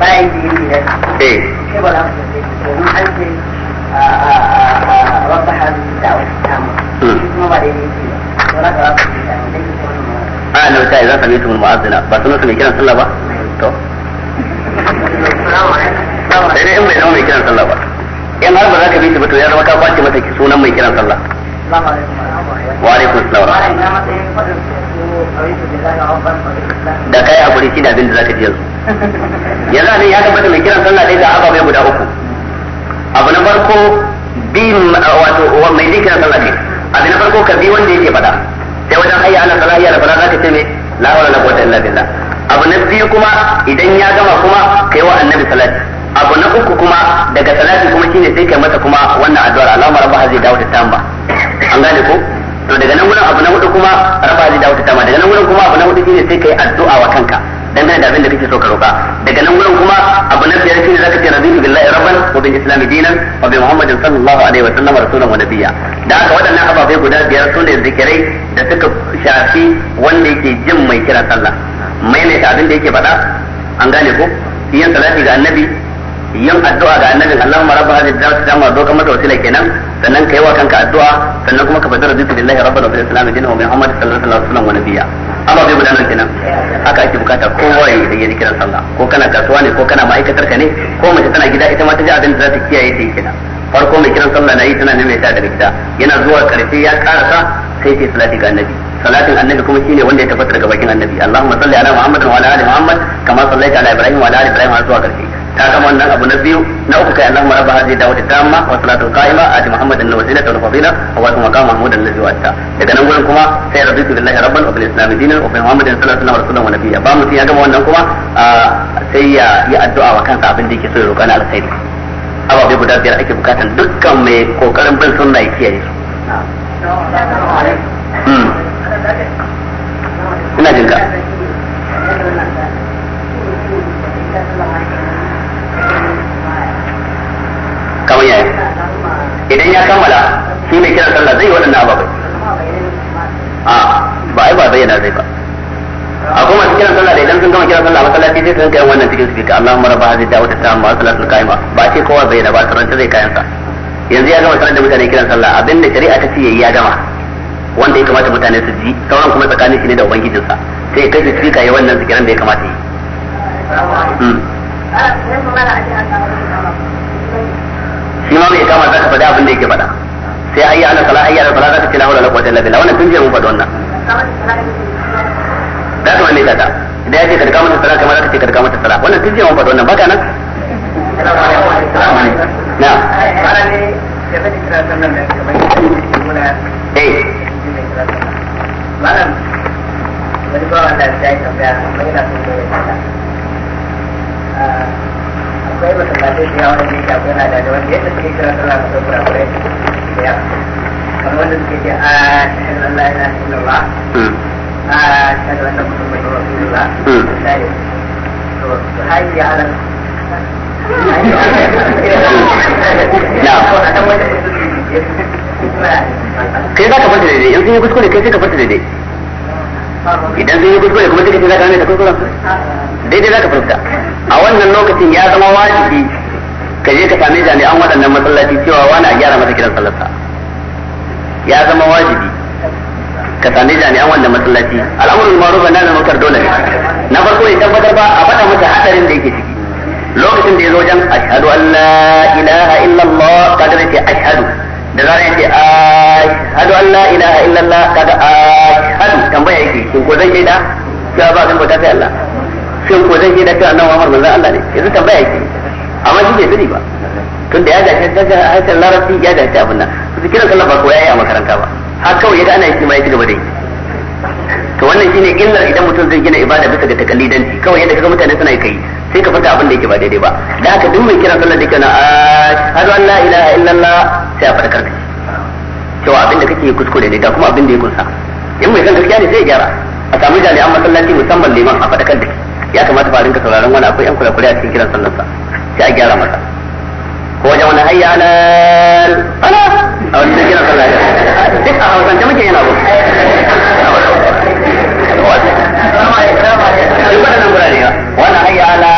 Speaker 2: bayan da eh ba za ku an ce rabba da wata kuma ba da za ka rabba da a
Speaker 1: ta idan sami tumul mu'azzina ba sunan su mai kiran sallah ba to
Speaker 2: sai dai in bai zama mai kiran
Speaker 1: sallah ba in har ba za ka bi ba to ya zama ka kwace sunan mai kiran sallah
Speaker 2: wa alaikum da kai a guri kina
Speaker 1: abin da zaka ji yanzu
Speaker 2: yanzu ne ya tabbata mai kiran sallah dai da ababe guda uku
Speaker 1: abu na farko bi wato mai zai kiran sallah ne abu na farko ka bi wanda yake faɗa sai wajen ayya ala sallah ya rabana zaka ce ne la wala la quwwata illa billah abu na biyu kuma idan ya gama kuma kai wa annabi salati abu na uku kuma daga salati kuma shine sai kai masa kuma wannan addu'ar Allahumma rabba hadhihi da'wat tamba an gane ko to daga nan gurin abu na hudu kuma rafa zai dawo ta tama daga nan gurin kuma abu na hudu shine sai kai addu'a wa kanka dangane da abin da kake so ka roka daga nan gurin kuma abu na biyar shine zaka ce raditu billahi rabban wa bil islam dinan wa bi muhammadin sallallahu alaihi wa sallam rasulun wa nabiyya da haka waɗannan ababai guda biyar sun da zikirai da suka shafi wanda yake jin mai kira sallah mai ne abin da yake faɗa an gane ko yin salati ga annabi yin addu'a ga annabin Allahumma rabb hadhihi ad-da'wati tamma do kamar da wasila kenan sannan kai wa kanka addu'a sannan kuma ka fadar rabbi billahi rabbil wa islam din wa muhammad sallallahu alaihi wasallam wa nabiyya amma bai gudanar kenan haka ake bukata kowa ya yi kiran sallah ko kana kasuwa ne ko kana ma'aikatar ka ne ko mace tana gida ita ma ta ji abin da za ta kiyaye ta yi kenan farko mai kiran sallah na yi tana nan ta daga gida yana zuwa karfe ya karasa sai ta salati ga annabi salatin annabi kuma shine wanda ya tabbata daga bakin annabi Allahumma salli ala Muhammadin wa ala ali Muhammad kama sallaita ala Ibrahim wa ala ali Ibrahim har zuwa karfe ta gama wannan abu na biyu na uku kai Allahumma rabba hadhihi da'wati tamma wa salatu qa'ima ati Muhammadan al wasilata wal fadila wa wa maqama Muhammadan alladhi wa'ata daga nan gurin kuma sai raditu billahi rabban wa bil islam dinan wa bi Muhammadin sallallahu alaihi wa sallam wa nabiyya ba mu ya gama wannan kuma sai ya yi addu'a wa kansa abin da yake so ya roƙa na alkhairi ababe guda biyar ake bukatan dukkan mai kokarin bin sunna ya kiyaye su
Speaker 2: hmm. ina jinka kamar yaya
Speaker 1: idan ya kammala
Speaker 2: shi ne kiran sallah zai yi waɗannan ababai
Speaker 1: a ba ai ba bayyana zai ba
Speaker 2: akwai masu kiran sallah da idan sun gama kiran
Speaker 1: sallah masallaci sai sun kai wannan cikin sifika Allahumma rabba hadhihi da'wati tamma wa salatul qa'ima ba ce kowa bayyana ba taranta zai kayan sa yanzu ya gama sanar mutane kiran sallah abinda shari'a ta ce yayi ya gama wanda ya kamata mutane su ji sauran kuma tsakanin shi ne da ubangijinsa sai kai sifika yayi wannan zikiran da ya kamata yi shi ma mai kama zaka faɗi abin da yake faɗa sai ayi ala sala ayi ala sala zaka ce la hawla wala quwwata illa billah wannan tun jiya faɗi wannan da ka wani kada da ya ce ka kama sala kamar zaka ce ka kama sala wannan tun jiya faɗi wannan baka nan
Speaker 2: na eh malam wani bawan da ya tambaya mai na akwai masallatai da yawa da ke shafi na da wanda yadda suke kira sallah da sauƙura kurai da yawa kamar wanda suke ce a shahar Allah ya nasu lalla a shahar wanda mutum bai zuwa fi lalla da shari to su hayi ya halar
Speaker 1: kai za ka fata daidai in sun yi kuskure kai sai ka fata daidai
Speaker 2: idan sun yi kuskure kuma
Speaker 1: sai ka ce za ta kuskuren daidai zaka fuska a wannan lokacin ya zama wajibi ka je ka same jami'an waɗannan masallaci cewa wani a gyara masa kiran sallarsa ya zama wajibi ka same jami'an wannan masallaci al'amuran ma'ruf na nan makar dole na farko ya tabbatar ba a faɗa masa hadarin da yake ciki lokacin da ya zo wajen ashhadu an la ilaha illallah kaga zai ce ashhadu da zaran yace ashhadu an la ilaha illallah kaga ashhadu tambaya yake shin ko zai shaida cewa ba kan bauta sai Allah ce ko zai da cewa annabi Muhammad manzon Allah ne yanzu tambaya yake amma shi bai sani ba tun da ya ta ga harshen larabci ya dace abin nan su kira sallah ba ko yayi a makaranta ba har kawai yaga ana yi ma yake gaba da yi to wannan shine illar idan mutum zai gina ibada bisa ga takallidanci kawai yadda kaga mutane suna kai sai ka fata abin da yake ba daidai ba da haka duk mai kira sallah da yake na ashhadu an la ilaha illallah sai a fadakar da cewa abin da kake kuskure ne da kuma abin da ya kunsa in mai zan gaskiya ne sai ya gyara a samu jami'an masallaci musamman liman a fadakar da ke. ya kamata ba rinka sauraron wani akwai yan kurakure a cikin kiran sallar sa sai a gyara masa ko wajen wani hayya ala ala a wani cikin kiran sallar duk a hausance muke yana bu wani hayya ala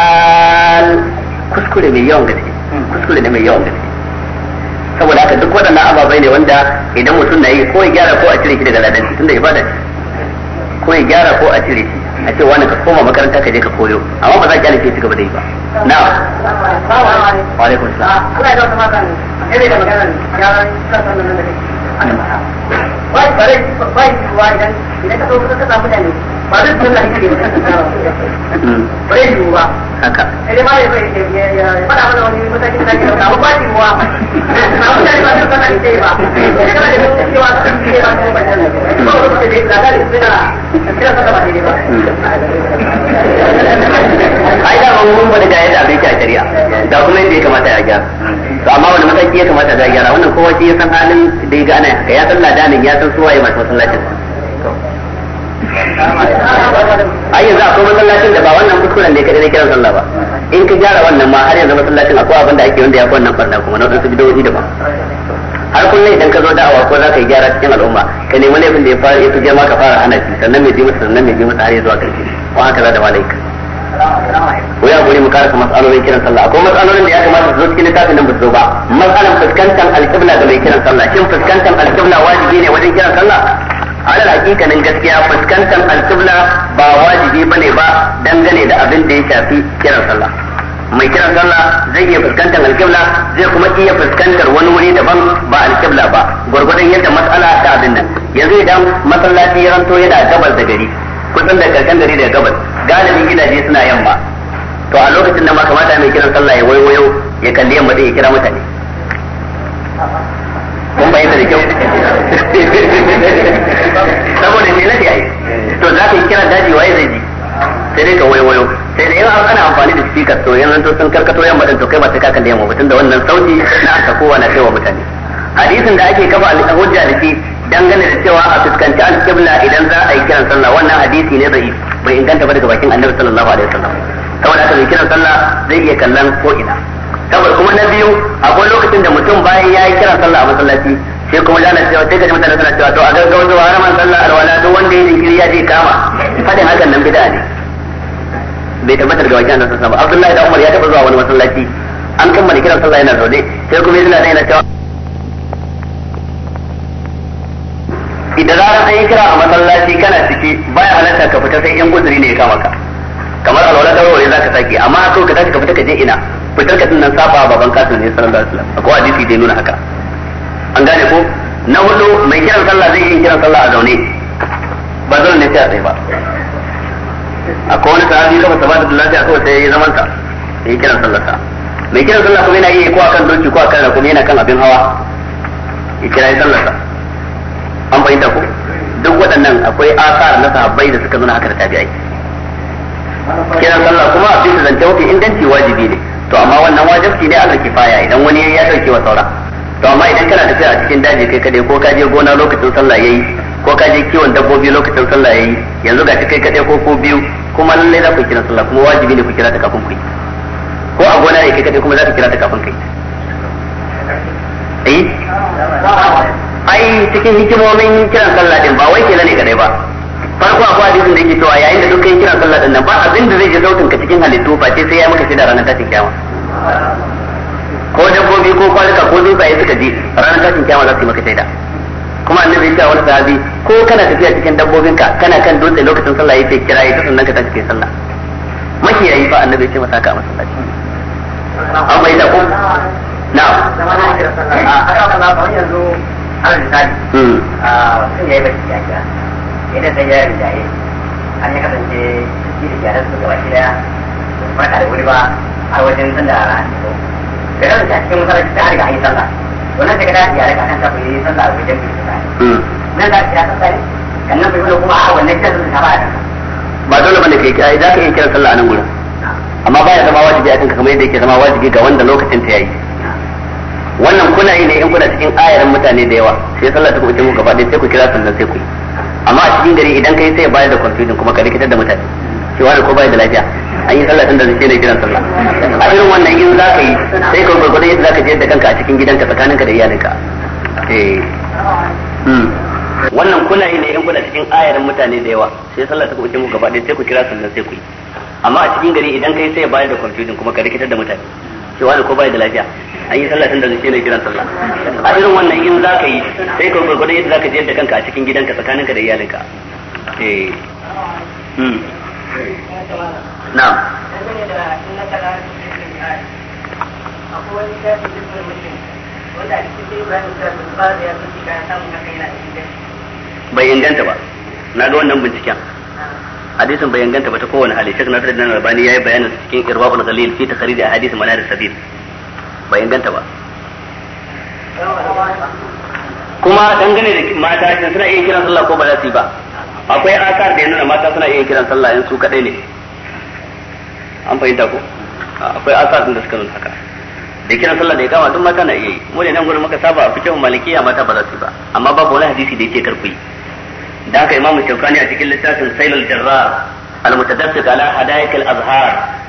Speaker 1: kuskure mai yawan gaske kuskure ne mai yawan gaske saboda haka duk waɗannan ababai ne wanda idan mutum na yi ko ya gyara ko a cire shi daga ladanci tunda ibada ko ya gyara ko a cire shi a ce wani ka koma makaranta ka je ka koyo amma ba za ki alifi gaba da yi ba na wa alaikum salam ah,
Speaker 2: Allah ya dauka makan irin da maganar yaran sassan nan da kake hmm. ba ba ba yiwuwa idan idan ka ɗauka ka samu mutane ba zai tun lahi kare ba hmm. ba zai ba haka sai dai ba ya bai ya faɗa mana wani mutane da ke ɗauka ba yiwuwa ba mutane ba su ba ita ba sai ba da ba cewa ba kan ba su ba ta ba wani ba da ba zaga ba su ba kira ba daidai ba hmm. ai da mun mun bada jayar da abin ki a
Speaker 1: shari'a da kuma yadda ya kamata ya gyara to amma wani mataki ya kamata da gyara wannan kowa shi ya san halin da ya ga ana ya san ladanin ya san san su waye masu masallacin
Speaker 2: a yanzu akwai masallacin da ba wannan
Speaker 1: kuskuren ya kadai na kiran sallah ba in ka gyara wannan ma har yanzu masallacin akwai abin da ake wanda ya fi wannan farda kuma na wasu bidowoyi da ba har kullum idan ka zo da'awa ko za ka yi gyara cikin al'umma ka nemi laifin da ya fara ya fi girma ka fara hana shi sannan mai ji masa sannan mai ji masa har zuwa karshe ko haka za da malaika wuya ya guri mu karanta matsalolin kiran sallah akwai matsalolin da ya kamata su zo cikin littafin nan ba su zo ba mas'alan fuskantar alƙibla da mai kiran sallah shin fuskantar alƙibla wajibi ne wajen kiran sallah alal hakikanin gaskiya fuskantar alƙibla ba wajibi bane ba dangane da abin da ya shafi kiran sallah mai kiran sallah zai iya fuskantar alƙibla zai kuma iya fuskantar wani wuri daban ba alƙibla ba gwargwadon yadda matsala ta abin nan yanzu idan masallaci ya ranto yana gabas da gari kusan da karshen gari da gabas galibin gidaje suna yamma to a lokacin da ma kamata mai kiran sallah ya waiwayo ya kalli yamma ya kira mutane kun bayyana da kyau saboda me na yayi to za ka yi kiran daji waye zai ji sai dai ka waiwayo sai da yawa ana amfani da speaker to yanzu to sun karkato yamma din to kai ba sai ka kalli yamma ba tunda wannan sauti na aka kowa na kaiwa mutane hadisin da ake kafa hujja da shi dangane da cewa a fuskanci an alƙibla idan za a yi kiran sallah wannan hadisi ne zai bai inganta ba daga bakin annabi sallallahu alaihi wasallam saboda haka mai kiran sallah zai iya kallon ko ina saboda kuma na biyu akwai lokacin da mutum bayan ya yi kiran sallah a masallaci sai kuma lana cewa sai ka ji mutane suna cewa to a gaggawa zuwa haraman sallah alwala duk wanda ya jinkiri ya je kama fadin hakan nan bid'a ne bai tabbatar ga wajen nan ba Abdullahi da Umar ya taba zuwa wani masallaci an kammala kiran sallah yana zaune sai kuma yana da yana cewa idan zarar an yi kira a masallaci kana ciki baya halatta ka fita sai in guzuri ne ya kama ka kamar alwala daro ne zaka saki amma so ka tashi ka fita ka je ina fitar ka dinnan saba baban kasu ne sallallahu alaihi wasallam akwai hadisi da nuna haka an gane ko na hudu mai kiran sallah zai yi kiran sallah a zaune ba zan ne sai a tsaye ba akwai wani sahabi kafa sabata da lafiya kawai sai ya zaman ka yi kiran sallar sa mai kiran sallah kuma yana yi ko akan doki ko akan rakumi yana kan abin hawa ya kira sallar sa an fahimta ko duk waɗannan akwai asar na sahabbai da suka nuna haka da tabi'ai
Speaker 2: kiran
Speaker 3: sallah kuma a
Speaker 1: bisa zance mafi inganci wajibi ne to amma wannan wajibi ne ke faya idan wani ya dauke wa saura to amma idan kana tafiya a cikin daji kai kadai ko ka je gona lokacin sallah yayi ko ka je kiwon dabbobi lokacin sallah yayi yanzu ga kai kadai ko ko biyu kuma lallai za ku kira sallah kuma wajibi ne ku kira ta kafin ku ko a gona ne kai kadai kuma za ka kira ta kafin kai eh ai cikin hikimomin kiran sallah din ba wai ke ne kadai ba farko akwai hadisin da yake cewa yayin da dukkan kiran sallah din nan ba abin da zai je sautin ka cikin halittu ba sai sai ya maka shi da ranar tashin kiyama ko dabbobi ko kwalika ko tsuntsaye suka ji ranar tashin kiyama za su yi maka shaida kuma annabi ya wani sahabi ko kana tafiya cikin dabbobin ka kana kan dutse lokacin sallah yake kira yace sannan ka tashi kai sallah yayi fa annabi ya ce masa ka masallaci
Speaker 2: an bai da ku na'am har misali sun yayi bacci a gida idan sai ya rijaye an ya kasance shi da gyaran su gaba shida ba da wuri ba har wajen sun da rana ne da kasance a cikin masarar cikin harga an yi sallah wannan sai ka dace ya rika kan ta kuyi sallah a wajen bai ta nan ka ya sallah ne kan nan bai kuma a wannan kiran sun saba da
Speaker 1: ba dole bane kai kai za ka iya kiran sallah a nan gurin amma baya zama wajibi a kanka kamar yadda yake zama wajibi ga wanda lokacin ta yayi wannan kuna yi ne in kuna cikin ayarin mutane da yawa sai sallah ta kuce muku gaba ɗaya sai ku kira sannan sai ku yi amma a cikin gari idan kai sai bayar da confusion kuma ka rikitar da mutane cewa da ko bayar da lafiya an yi sallah tun da zuke ne kiran sallah a irin wannan in za ka yi sai ka gwargwadon yadda za ka jiyar da kanka a cikin gidanka tsakaninka da iyalinka eh. hmm. wannan kuna yi ne in kuna cikin ayarin mutane da yawa sai sallah ta kuce muku gaba ɗaya sai ku kira sannan sai ku yi amma a cikin gari idan kai sai bayar da confusion kuma ka rikitar da mutane cewa da ko bayar da lafiya an yi sallah da zuke ne kiran sallah a irin wannan in za ka yi sai ka gurgurda yadda za ka jiyar da kanka a cikin gidanka tsakaninka da iyalinka eh hmm. bai inganta ba na ga wannan binciken hadisin bai inganta ba ta kowane hali shek nasir da albani ya yi bayanin cikin irwaul ghalil fi takhrij ahadith manar sabil ba inganta ba kuma dangane da mata shi suna iya kiran sallah ko ba za su yi ba akwai asar da yana mata suna iya kiran sallah in su kadai ne an fahimta ko akwai asar da suka nuna haka da kiran sallah da ya kama duk mata na iya yi mu ne nan gurin muka saba a fikin malikiya mata ba za su yi ba amma babu wani hadisi da yake karfi da haka imamu shaukani a cikin littafin sailul jarrar al-mutadassiq ala hadaiq azhar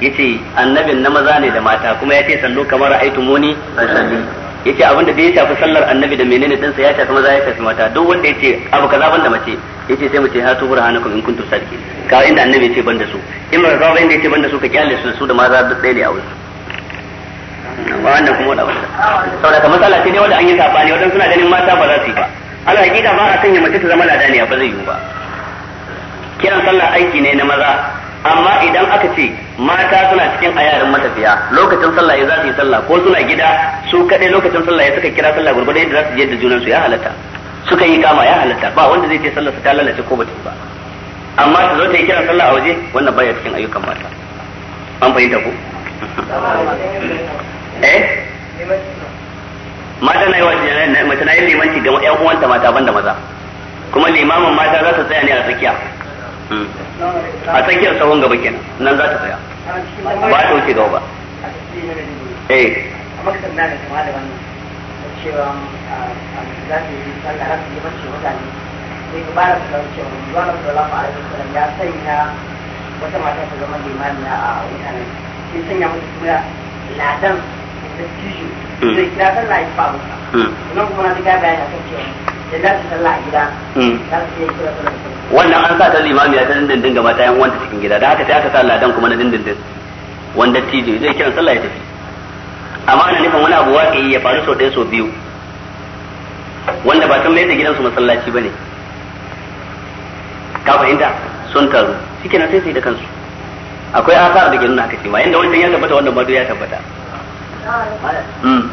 Speaker 1: yace annabin na maza ne da mata kuma yace sallu kamar aitu muni musalli yace abin da ya shafi sallar annabi da menene din sa ya shafi maza ya shafi mata duk wanda yace abu kaza banda mace yace sai mu ce hatu burhanakum in kuntum sadiqin ka inda annabi yace banda su in ba ba inda yace banda su ka kyale su su da maza duk ɗaya ne a wurin wannan kuma da wannan saboda kamar matsala ce ne wanda an yi ne wadan suna ganin mata ba za su yi ba ala hakika ba a sanya mace ta zama ladaniya ba zai yi ba kiran sallah aiki ne na maza amma idan aka ce mata suna cikin ayarin matafiya lokacin sallah ya za su yi sallah ko suna gida su kaɗai lokacin sallah ya suka kira sallah gurgurda yadda za su je da junan su ya halatta suka yi kama ya halatta ba wanda zai ce sallah su ta lalace ko bata ba amma su zo ta yi kiran sallah a waje wannan baya cikin ayyukan mata an fahimta ko eh mata na yi wa mace na yi limanci ga ƴan uwanta mata banda maza kuma limamin mata za ta tsaya ne a tsakiya
Speaker 2: hmm. a tsakiyar
Speaker 1: sahun gaba kenan nan za ta tsaya
Speaker 2: ba a wuce gaba ba eh cewa za su yi sallah su yi mace mutane sai ka bara su cewa zuwa da lafa a rikin sallah ya sanya wata mata ta zama limaniya a mutane sai sanya mutu kuma ladan da tijo zai kira sallah ya faru nan kuma na ta gaba yana kan cewa Hmm. wannan an sa ta limami
Speaker 1: ya ta dindindin ga mata yan wanta cikin gida da haka sai aka sa ladan kuma na dindindin wanda tijo zai kiran sallah ya tafi amma ana nufin wani abu waƙi ya faru sau ɗaya sau biyu wanda ba san mai da gidansu masallaci ba ne ka fahimta sun taru shi nan sai sai da kansu akwai asar da gina nuna haka yadda wancan ya tabbata wannan ma ya tabbata. Hmm.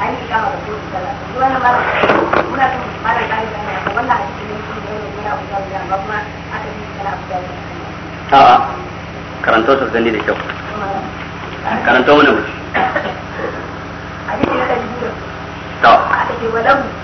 Speaker 2: an yi kama da kotu kala duk wannan ba muna kan fara kare da ana wannan a cikin yankin da yau yana abuja wuya amma kuma aka yi kana abuja wuya
Speaker 1: a'a karanto su zani da kyau karanto mana mutu
Speaker 2: a cikin da ta a cikin wadanmu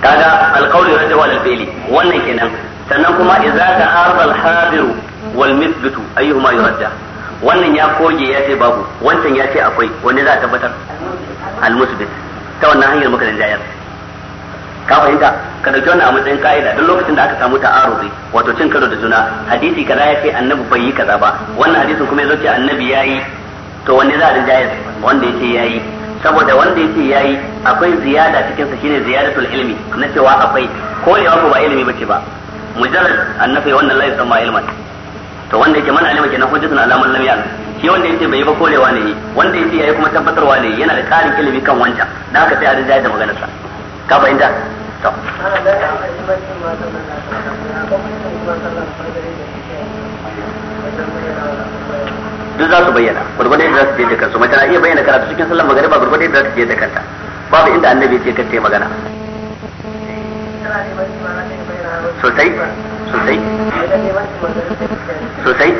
Speaker 1: kaga alqawli rajwa lil fi'li wannan kenan sannan kuma idza ta'arada al hadiru wal mithbitu ayyuhuma yuradda wannan ya koge ya ce babu wancan ya ce akwai wani za a tabbatar al musbit ta wannan hanyar muka jayar. ka fahimta ka dauki wannan a matsayin ka'ida duk lokacin da aka samu ta'arudi wato cin karo da juna hadisi kaza ya ce annabi bai yi kaza ba wannan hadisin kuma ya zo ce annabi yayi to wanne za a jayar wanda ya ce yayi saboda wanda yake yayi akwai ziyada cikin sa shine ziyadatul ilmi na cewa akwai ko ne wako ba ilimi bace ba mujarrad annabi wannan lai sama ilman to wanda yake man alima kenan hujjatun alaman lam ya'lam shi wanda yake bai ba ko ne wanda yake yayi kuma tabbatarwa ne yana da karin ilimi kan wancan dan haka sai a rinjaye da maganar sa
Speaker 2: ka fahimta to duk za su bayyana gurgurda
Speaker 1: yadda za su je da kansu mace na iya bayyana karatu cikin sallar magariba gurgurda yadda za su je da kanta babu inda annabi ce kan magana sosai sosai sosai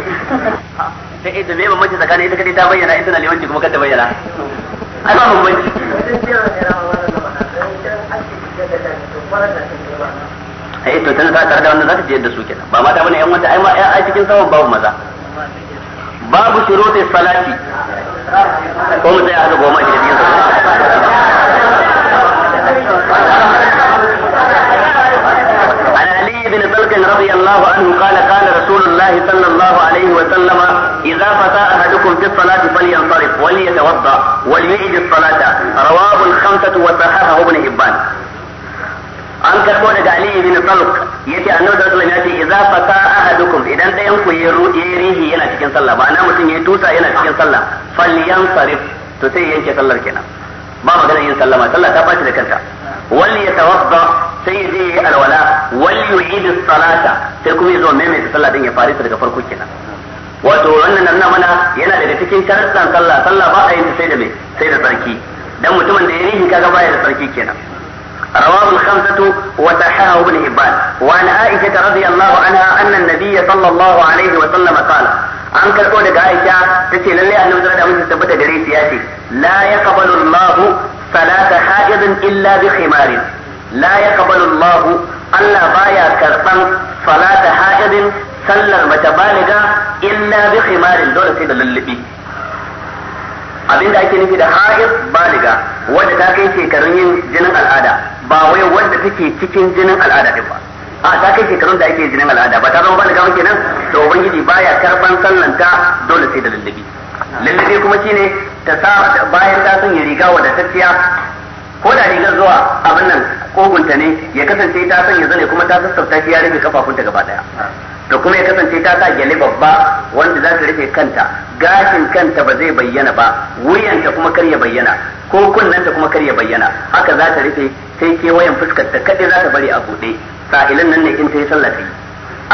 Speaker 1: da ita me bambanci tsakanin ita kadai ta bayyana ita na limanci kuma kanta bayyana
Speaker 2: ai ba bambanci eh to tana ta tare da wannan za ta
Speaker 1: je da su kenan ba mata bane yan wata ai ma ai cikin sawan babu maza
Speaker 2: babu شروط salati
Speaker 3: ko mu tsaya haka goma
Speaker 1: عن علي بن طلق رضي الله عنه قال قال رسول الله صلى الله عليه وسلم إذا فتى أحدكم في الصلاة فلينصرف وليتوضأ وليعد الصلاة رواه الخمسة وصححه ابن حبان an karbo daga Ali ibn Talq yace annabi sallallahu alaihi wasallam yace idza fata ahadukum idan ɗayan ku ya yayi rihi yana cikin sallah ba na mutum yayi tusa yana cikin sallah falyansarif to sai yanke sallar kenan ba magana yin sallama sallah ta bace da kanta wal yatawadda sai yaje yi alwala wal yu'id as-salata sai kuma yazo maimaita sallah din ya fara daga farko kenan wato wannan nan mana yana daga cikin sharuɗan sallah sallah ba a yin sai da mai sai da sarki dan mutumin da ya rihi kaga baya da sarki kenan رواه الخمسة وصححه ابن حبان وعن عائشة رضي الله عنها أن النبي صلى الله عليه وسلم قال an karɓo daga Aisha ta ce lallai annabi zai da mutum tabbata gare shi ya ce la yaqbalu Allahu salata ha'idin illa bi khimarin la yaqbalu Allahu Allah baya karban salata ha'idin sallar mata baliga illa bi khimarin dole sai da lullubi abinda ake nufi da ha'id baliga wanda ta kai shekarun yin jinin al'ada ba wai wanda take cikin jinin al'ada ba a ta kai shekarun da ake jinin al'ada ba ta zama baliga gama kenan to ubangiji baya karban ta dole sai da lallabi lallabi kuma shine ta sa bayan ta sanya riga wa wadatacciya ko da rigar zuwa abin nan kogunta ne ya kasance ta sanya zane kuma ta sassauta shi ya rufe kafafunta gaba daya da kuma ya kasance ta sa gyale babba wanda za ta rufe kanta gashin kanta ba zai bayyana ba wuyanta kuma kar ya bayyana ko kunnanta kuma kar ya bayyana haka za ta rufe sai kewayen fuskar ta kaɗai za ta bari a buɗe sahilan nan ne in ta yi sallah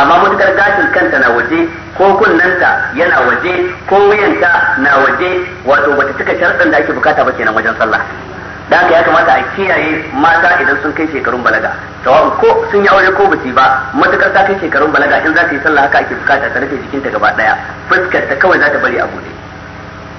Speaker 1: amma matukar gashin kanta na waje ko kunnanta yana waje ko wuyanta na waje wato bata cika sharaɗin da ake bukata ba kenan wajen sallah
Speaker 2: da haka ya kamata a
Speaker 1: kiyaye mata idan sun kai shekarun balaga sawa'un ko sun yi aure ko basu ba matukar ta kai shekarun balaga in za ta yi sallah haka ake bukata ta rufe jikinta gaba daya fuskar ta kawai za ta bari a bude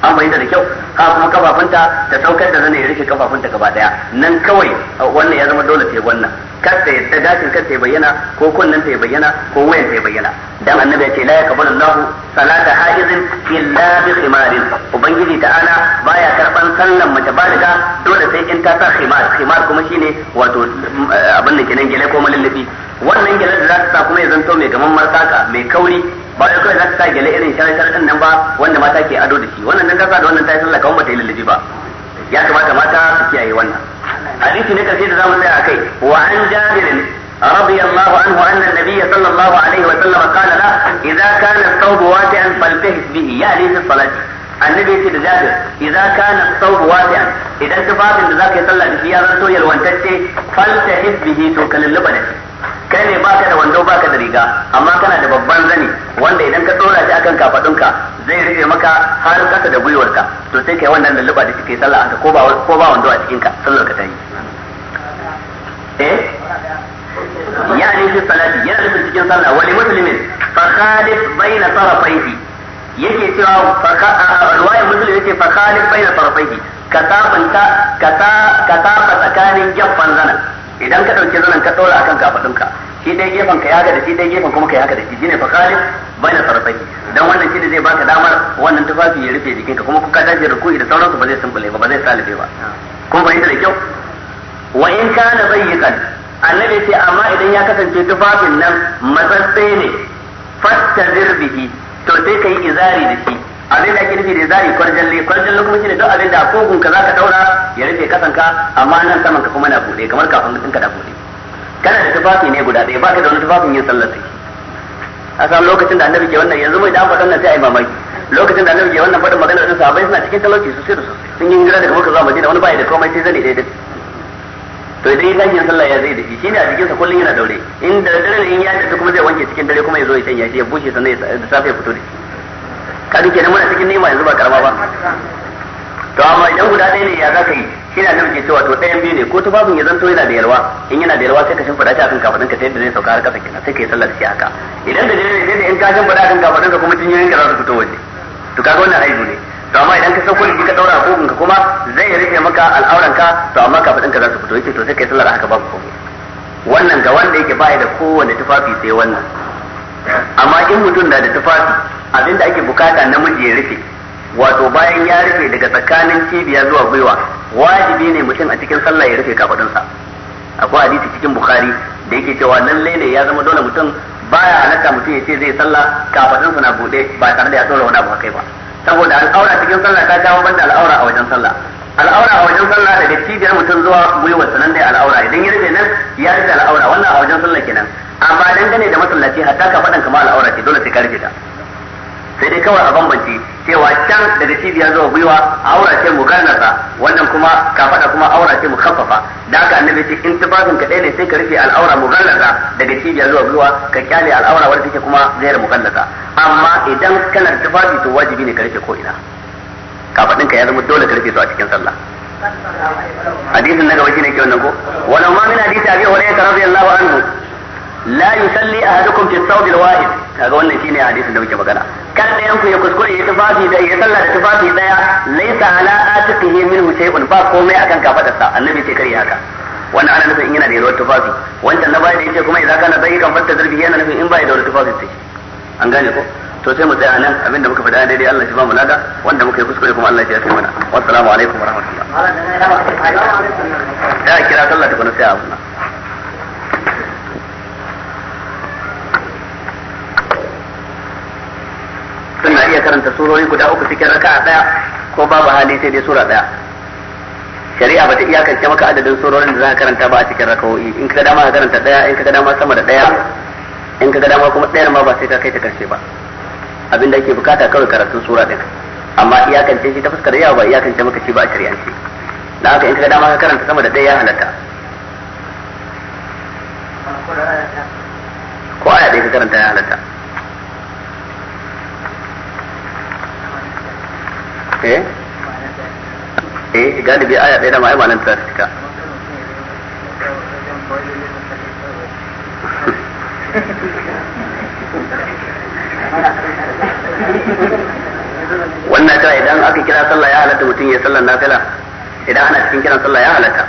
Speaker 1: an fahimta da kyau ka kuma kafafunta ta saukar da zane ya rike kafafunta gaba daya nan kawai uh, wannan ya zama dole ta wannan kar ta yadda gashin ya bayyana ko kunnen ta bayyana ko wayan ta bayyana dan annabi ya ce la yaqbalu Allahu salata haizin illa bi khimarin ubangiji ta'ala baya karban sallan mace baliga dole sai in ta sa khimar khimar kuma shine wato mm, uh, abin da kenan gele ko malallafi wannan gyale da za ta sa kuma ya zanto mai gaman markaka mai kauri ba da kawai za ta sa gyale irin shara-shara din nan ba wanda mata ke ado da shi wannan nan kasa da wannan ta yi sallah kawai bata yi lallabi ba ya kamata mata su kiyaye wannan hadisi ne karshe da zamu tsaya kai wa an jabirin رضي الله عنه أن النبي صلى الله عليه وسلم قال له إذا كان الثوب واسعا فالتهس به يعني في الصلاة annabi yace da jabir idza kana thawb wasi'an idan tufafin da zaka yi sallah da shi ya zanto yalwantacce faltahib bihi to kai ne baka da wando baka da riga amma kana da babban zani wanda idan ka dora shi akan kafadunka zai rike maka har kasa da gwiwarka to sai kai wannan lulluba da kike sallah aka ko ba ko ba wando a cikin ka sallar ka ta yi eh ya ne shi salati yana nufin cikin sallah wali muslimin fa khalif bayna tarafayhi yake cewa fa alwaya muslim yake fa khalif bayna tarafayhi ka sabanta ka tsakanin gaffan zanan idan ka dauke zanen ka dora akan kafadunka shi dai gefen ka ya ga da shi dai gefen kuma ka ga da shi shine khalif baina sarfai dan wannan shi ne zai baka damar wannan tufafi ya rufe ka kuma kuka dace ruku'i da sauransu ba zai sumbule ba ba zai salibe ba ko ba da kyau wa in kana bayyikan annabi ce amma idan ya kasance tufafin nan matsatse ne fattazir bihi to sai kai izari da shi abin da ake nufi da zari kwarjalle kwarjalle kuma shine duk abin da gun ka zaka daura ya rufe kasanka amma nan saman ka kuma na bude kamar kafin mutum ka da bude kana da tufafi ne guda ɗaya baka da wani tufafin yin sallar sai a san lokacin da annabi ke wannan yanzu mai da an faɗa nan sai ai mamaki lokacin da annabi ke wannan faɗa magana da sahabbai suna cikin talauci su da su. sun yi hijira daga Makka zuwa Madina wani bai da komai sai zane daidai to idan ya yin sallah ya zai da shi shine a cikin sa kullun yana daure in da dare in ya tafi kuma zai wanke cikin dare kuma ya zo ya canja shi ya bushe sannan ya safe ya fito da shi kaga kenan muna cikin nima yanzu ba karama ba to amma idan guda ɗaya ne ya za ka yi shi na nan ke cewa to ɗayan biyu ne ko tufafin ya zanto yana da yalwa in yana da yalwa sai ka shimfiɗa shi akan kafaɗin ka ta yadda zai sauka har ƙasa kenan sai ka yi sallar shi haka idan da jirgin ne in ka shimfiɗa akan kafaɗin ka kuma cinyoyin ka za su fito waje to kaga wannan haihu ne to amma idan ka sauko da ka ɗaura agogon ka kuma zai rufe maka al'auran ka to amma kafaɗin ka za su fito yake to sai ka yi sallar haka babu komai wannan ga wanda yake ba da kowane tufafi sai wannan amma in mutum na da tufafi abinda ake bukata namiji ya rufe wato bayan ya rufe daga tsakanin cibiya zuwa gwiwa wajibi ne mutum a cikin sallah ya rufe kafadunsa akwai hadisi cikin bukari da yake cewa lallai ne ya zama dole mutum baya halatta mutum ya ce zai sallah kafadunsa na bude ba tare da ya tsora wani abu kai ba saboda al'aura cikin sallah ta kawo banda al'aura a wajen sallah al'aura a wajen sallah daga cibiyar mutum zuwa gwiwar sanan da al'aura idan ya rufe nan ya rufe al'aura wannan a wajen sallah kenan amma dangane da masallaci hatta ka faɗan kamar al'aura ce dole sai ka rufe ta sai dai kawai a bambance cewa can daga cibiyar zuwa gwiwa aura ce mu garnasa wannan kuma ka faɗa kuma aura ce mu kaffafa da haka annabi ce in tufafin ka ne sai ka rufe al'aura mu gallasa daga cibiyar zuwa gwiwa ka kyale al'aura wanda take kuma zai mu garnasa amma idan kana tufafi to wajibi ne ka rufe ko ina kafadin ka ya zama dole ka rufe su a cikin sallah hadisin na gaba shine ke wannan ko wala ma min hadisi abi hurairah radiyallahu anhu la yusalli ahadukum fi thawb alwahid kaga wannan shine hadisin da muke magana kan da yanku ya kuskure ya tufafi da ya sallah da tufafi daya laysa ala atihi minhu shay'un ba komai akan kafadarsa annabi ce kare haka
Speaker 2: wannan ana nufin yana da yalwar
Speaker 1: tufafi wancan na baya da yake kuma idan kana bai kan fatta zarbi yana nufin in baya da tufafi sai an gane ko to sai mu tsaya nan abinda muka faɗa daidai Allah shi ba mu lada wanda muka yi kuskure kuma Allah shi ya sai mana assalamu alaikum rahmatullahi ya kira sallah da kuma sai abu na suna iya karanta surori guda uku cikin raka'a daya ko babu hali sai dai sura daya shari'a ba iya iyakance maka adadin surorin da za ka karanta ba a cikin raka'o'i in ka dama ka karanta daya in ka dama sama da daya in ka dama kuma dayar ma ba sai ka kai ta karshe ba abin da ake bukata kawai karatun sura din
Speaker 2: amma iyakance
Speaker 1: shi ta fuskar yawa ba iyakance maka shi ba a shari'ance da haka in ka dama ka karanta sama da ɗaya ya halatta ko aya ɗaya ka karanta ya halatta eh eh galibi aya ɗaya da ma'ai ma'anar ta cika
Speaker 2: wannan ta
Speaker 1: idan aka kira sallah ya halatta mutum ya na nafila idan ana cikin kiran sallah ya halatta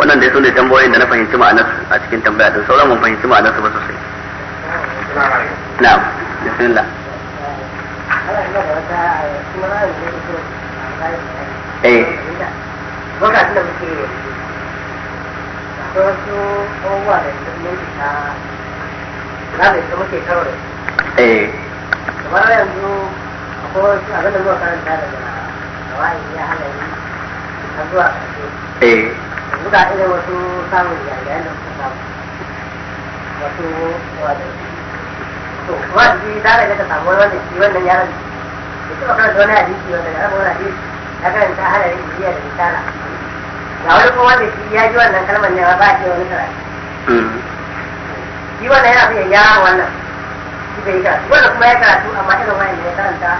Speaker 1: wannan dai sune tambayoyin da na fahimci ma'ana a cikin tambaya da sauran mun fahimci ma'ana su ba sai na'am bismillah
Speaker 2: eh lokacin da muke wasu abubuwa da suke na da ita muke karo da eh kamar yanzu akwai abin da zuwa karanta daga kawai ya zuwa eh. wasu samun yayayen da suka samu wasu to kuma da shi da suka karanta wani hadisi wanda ya raba wani hadisi ya karanta da misala ga wani kuma wanda shi ya ji wannan kalmar ne ba a ce wani karatu hmm. shi wannan yana son ya wannan shi bai karatu wannan kuma ya karatu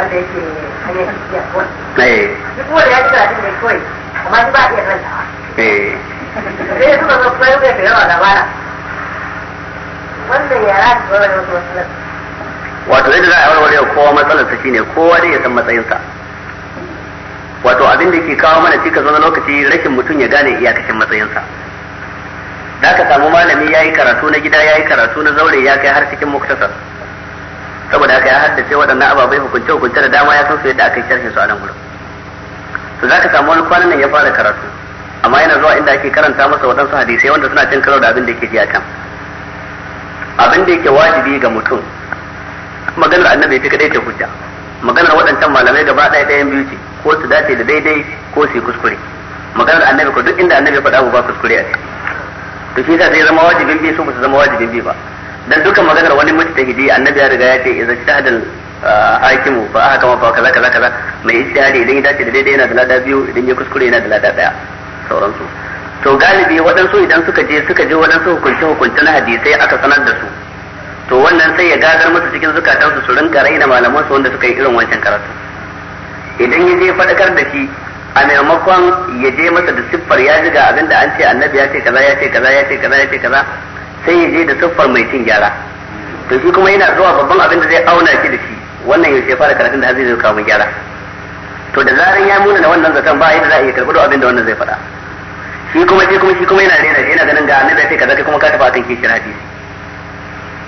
Speaker 2: amma irin wannan ne karanta wanda yake hanyar tafiya kawai eh. shi kuma da ya ci karatun ne kawai amma shi ba a iya karantawa eh. sai ya suka zo kuma ya kai yawa labara wannan yara su wani wasu matsalar
Speaker 1: wato yadda za a warware kowa matsalarsa shine kowa dai ya san matsayinsa wato abin da ke kawo mana cikas wani lokaci rashin mutum ya gane iyakacin matsayinsa da ka samu malami ya yi karatu na gida ya yi karatu na zaure ya kai har cikin muktasar saboda haka ya haddace waɗannan ababai hukunce hukunce da dama ya san su yadda aka yi sharhin su a nan wurin to za ka samu wani kwanan nan ya fara karatu amma yana zuwa inda ake karanta masa waɗansu hadisai wanda suna cin karo da abin da yake ji a can abin da yake wajibi ga mutum maganar annabi fi kadai ta hujja maganar waɗancan malamai gaba ɗaya ɗayan biyu ce ko su dace da daidai ko su yi kuskure maganar annabi ko duk inda annabi faɗa ba kuskure a ciki to shi yasa sai zama wajibin bi su ba su zama wajibin bi ba dan dukkan maganar wani mujtahidi annabi ya riga ya ce idza shahadal ah, hakimu fa aka kama fa kaza kaza kaza mai ijtihadi idan ya dace da daidai yana da lada biyu idan ya kuskure yana da lada daya sauransu to galibi waɗansu idan suka je suka je waɗansu hukunce hukunce na hadisai aka sanar da su to wannan sai ya gagar musu cikin zukatansu su rinka raina malaman su wanda suka yi irin wancan karatu idan ya je faɗakar da shi a maimakon ya je masa da siffar ya ji ga abin da an ce annabi ya ce kaza ya ce kaza ya ce kaza ya ce kaza sai ya je da siffar mai cin gyara to shi kuma yana zuwa babban abin da zai auna shi da shi wannan yaushe fara karatun da zai kawo gyara to da zaran ya muna da wannan zaton ba yadda za a iya karɓi abin da wannan zai faɗa shi kuma shi kuma shi kuma yana rena yana ganin ga annabi ya ce kaza kai kuma ka tafi akan kishin hadisi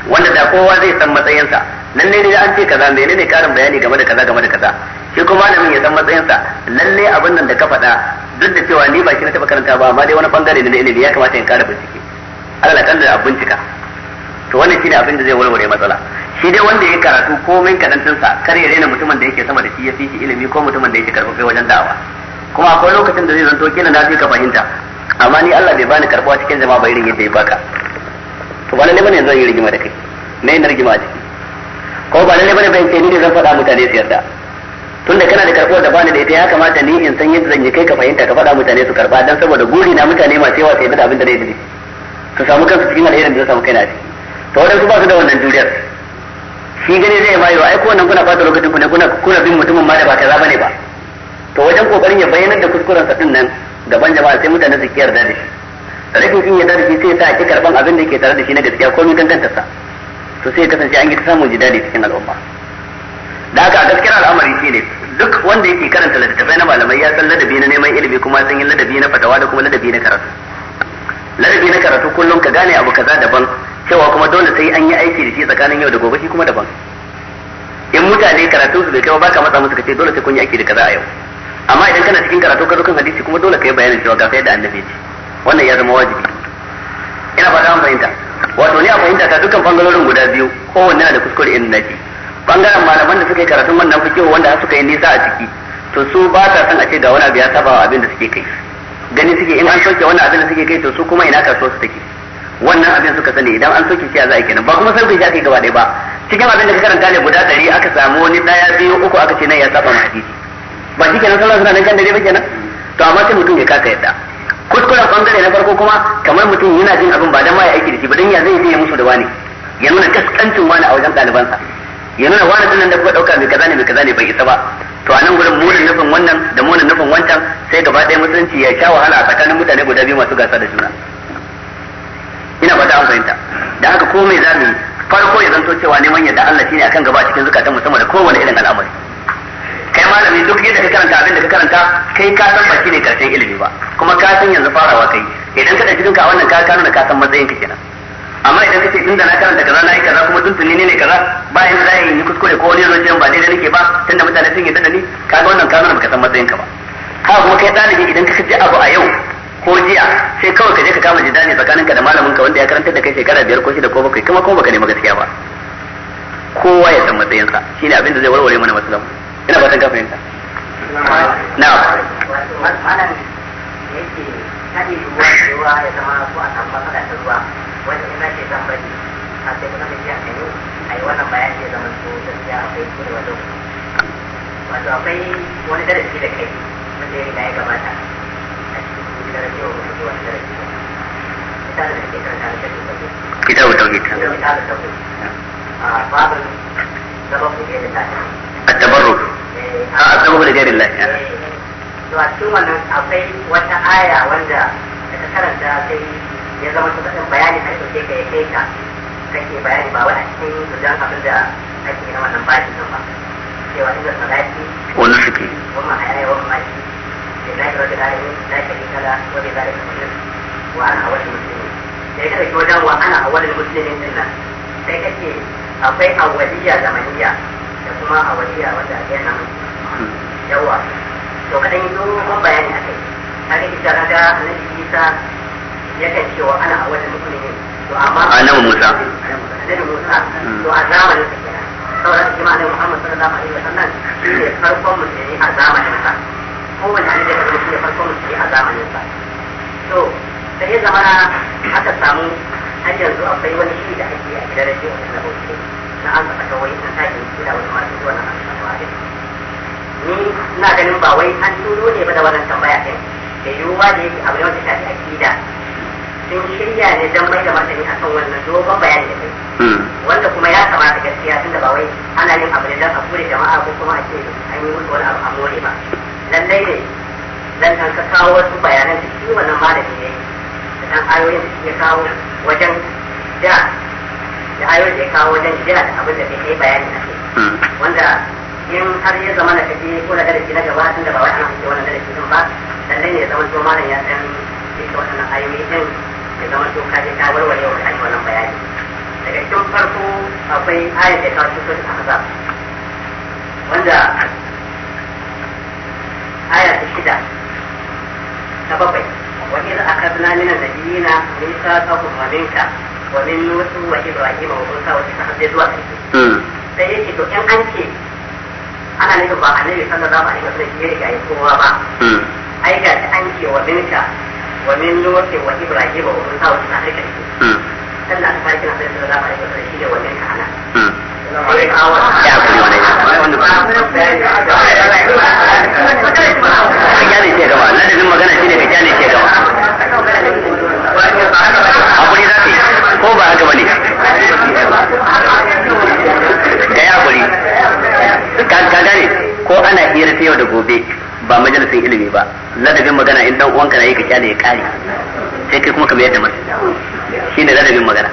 Speaker 1: wanda da kowa zai san matsayinsa nan ne da an ce kaza menene karin bayani game da kaza game da kaza shi kuma malamin ya san matsayinsa lalle abin nan da ka faɗa duk da cewa ni ba shi na taɓa karanta ba amma dai wani bangare ne na ilimi ya kamata in ƙara bincike Allah kan da bincika to wannan shine abin da zai warware matsala shi dai wanda ya karatu komai kadantin sa kar ya rena mutumin da yake sama da shi ya fi shi ilimi ko mutumin da yake karfafe wajen da'awa kuma akwai lokacin da zai zanto kina na fi ka fahimta amma ni Allah bai bani karbuwa cikin jama'a ba irin yadda ya baka to ba lalle bane zan yi rigima da kai me yin rigima a ciki ko ba lalle bane bayan ce ni ne zan faɗa mutane su yarda tunda kana da karbuwar da bani da ita ya kamata ni in san yadda zan yi kai ka fahimta ka faɗa mutane su karba dan saboda guri na mutane masu yawa su da abin da zai dace su samu kansu cikin alherin da zai samu kaina ciki to wadansu ba su da wannan juriyar shi gane zai ma yau aiko ko wannan kuna fata lokacin ku ne kuna kuna bin mutumin ma da ba kaza bane ba to wajen kokarin ya bayyanar da kuskuren sa din nan gaban jama'a sai mutane su kiyar da shi rashin kin yarda da shi sai sa ki karban abin da ke tare da shi na gaskiya komai danganta sa to sai kasance an yi ta samun jidali cikin al'umma da haka gaskiyar al'amari shi ne duk wanda yake karanta littattafai na malamai ya san ladabi na neman ilimi kuma san yin ladabi na fatawa da kuma ladabi na karatu ladabi na karatu kullum ka gane abu kaza daban cewa kuma dole sai an yi aiki da shi tsakanin yau da gobe shi kuma daban in mutane karatun su bai kai baka matsa musu kace dole sai kun yi aiki da kaza a yau amma idan kana cikin karatu ka zo kan hadisi kuma dole kai bayanin cewa ga kai da annabi ce wannan ya zama wajibi ina fata an fahimta wato ni a fahimta ta dukkan bangarorin guda biyu kowanne na da kuskure in nake bangaren malaman da suka yi karatun wannan fikihu wanda suka yi nisa a ciki to su ba ta san a ce ga wani abu ya saba wa abin da suke kai gani suke in an soke wannan abin da suke kai to su kuma ina kasuwa su take wannan abin suka sani idan an soke shi za a kenan ba kuma sai bai shafi gaba ɗaya ba cikin abin da ka karanta ne guda ɗari aka samu wani ɗaya biyu uku aka ce nan ya saba ma hadisi ba shi kenan sallah suna nan kan dare ba kenan to amma sai mutum ya kaka yadda kuskuren bangare na farko kuma kamar mutum yana jin abin ba dan ma ya aiki da shi ba dan ya zai yi musu da wani ya nuna kaskancin wani a wajen ɗalibansa ya da wani dinnan da kuka dauka mai kaza ne mai kaza ne bai isa ba to a nan gurin munin nufin wannan da munin nufin wancan sai gaba ɗaya musulunci ya sha wahala a tsakanin mutane guda biyu masu gasa da juna ina ba an fahimta da haka komai za mu farko ya zanto cewa neman yadda Allah shine akan gaba cikin zukatan musamman da kowane irin al'amari kai malami duk yadda ka karanta abin da ka karanta kai ka san ba shine karshen ilimi ba kuma ka san yanzu farawa kai idan ka dauki cikin a wannan ka da ka san matsayin ka kenan amma idan kace tunda na karanta kaza na yi kaza kuma tuntuni ne ne kaza ba in za yi kuskure ko wani zai ba daidai nake ba tunda mutane sun yi da ni kaga wannan kamar baka san matsayin ka ba ka kuma kai dalibi idan ka kace abu a yau ko jiya sai kawai ka je ka kama jidani tsakanin ka da malamin ka wanda ya karanta da kai shekara biyar ko shida ko bakwai kuma kuma baka nemi gaskiya ba kowa ya san matsayinsa shine abin da zai warware mana matsalar ina fatan ka fahimta
Speaker 2: na'am malam yake haɗe ruwa da ruwa ya zama ko a da ruwa wanda ina ce zan a a yi wannan bayan zama wato wato akwai wani darasi da kai wanda ya riga ya gabata a cikin darasi wa wani darasi da karanta da da a ah, babin da a da lafiya to a cikin wannan akwai wata aya wanda ta karanta sai ya zama su kasan bayani ka ɗauke ka ya kai ka kake bayani ba wani a cikin gudan abin da ake na wannan bashi nan ba cewa inda salati wani suke wani yaya wani maki da na kira da ɗalibin na ke kiri kala wani ɗalibin mutum wa ana a wani musulmi da ya kai wajen wa ana a wani musulmin din nan sai kake akwai awaliya zamaniya da kuma awaliya wanda ya na hmm. yawa to kadan yi dogon bayani a kai haka ita kaga annabi Isa yakan cewa ana a wajen mutumin ne to amma annabi Musa annabi Musa hmm. to a zamanin sa kenan saboda shi ma annabi Muhammad sallallahu alaihi wasallam shi ne farkon musulmi a zamanin sa kowanne annabi ya zama shi ne farkon musulmi a zamanin sa to da ya zama aka samu har yanzu akwai wani shi da ake a gidan da na bauchi na an saka kawai na takin gida wani masu zuwa na an saka ni ina ganin ba wai an turo ne ba da wannan tambaya din da yiwuwa da yake abu ne wanda shafi akida sun shirya ne don mai da martani a kan wannan dogon bayani da kai hmm. wanda kuma ya kamata gaskiya tun da ba wai ana yin abu ne don a kure jama'a ko kuma a ce an yi musu wani abu a more ba lallai ne dan kan ka kawo wasu bayanan da shi wannan malami ne da dan ayoyin da ya kawo wajen da da ayoyin da ya kawo wajen jira da abin da bai kai bayani na kai hmm. wanda in har ya zama na kaje ko na darasi na gaba tun da ba wani ke wannan darasi din ba lallai ne ya zama to malam ya san ita wannan ayoyi din ya zama to ka je ka warware wa kai wannan bayani daga cikin farko akwai ayat da ta fito ta azab wanda aya ta shida ta bakwai وإذ أخذنا من النبيين ميثاقهم ومنك ومن نوح وإبراهيم وموسى وإسحاق ذي الوقت. sai yake to an ce ana nufin ba annabi sallallahu alaihi wasallam shi ya riga kowa ba hmm. ai ga an ce wa minka wa min nuhi wa ibrahim wa musa wa ta aika ne sannan ta farkin annabi sallallahu alaihi wasallam shi ne wa minka ana hmm. ne
Speaker 1: ko ba haka ba ne ka gane ko ana hira ta yau da gobe ba majalisin ilimi ba ladabin magana in dan uwanka na yi ka kyale ya kare sai kai kuma ka mayar da masa shine ladabin magana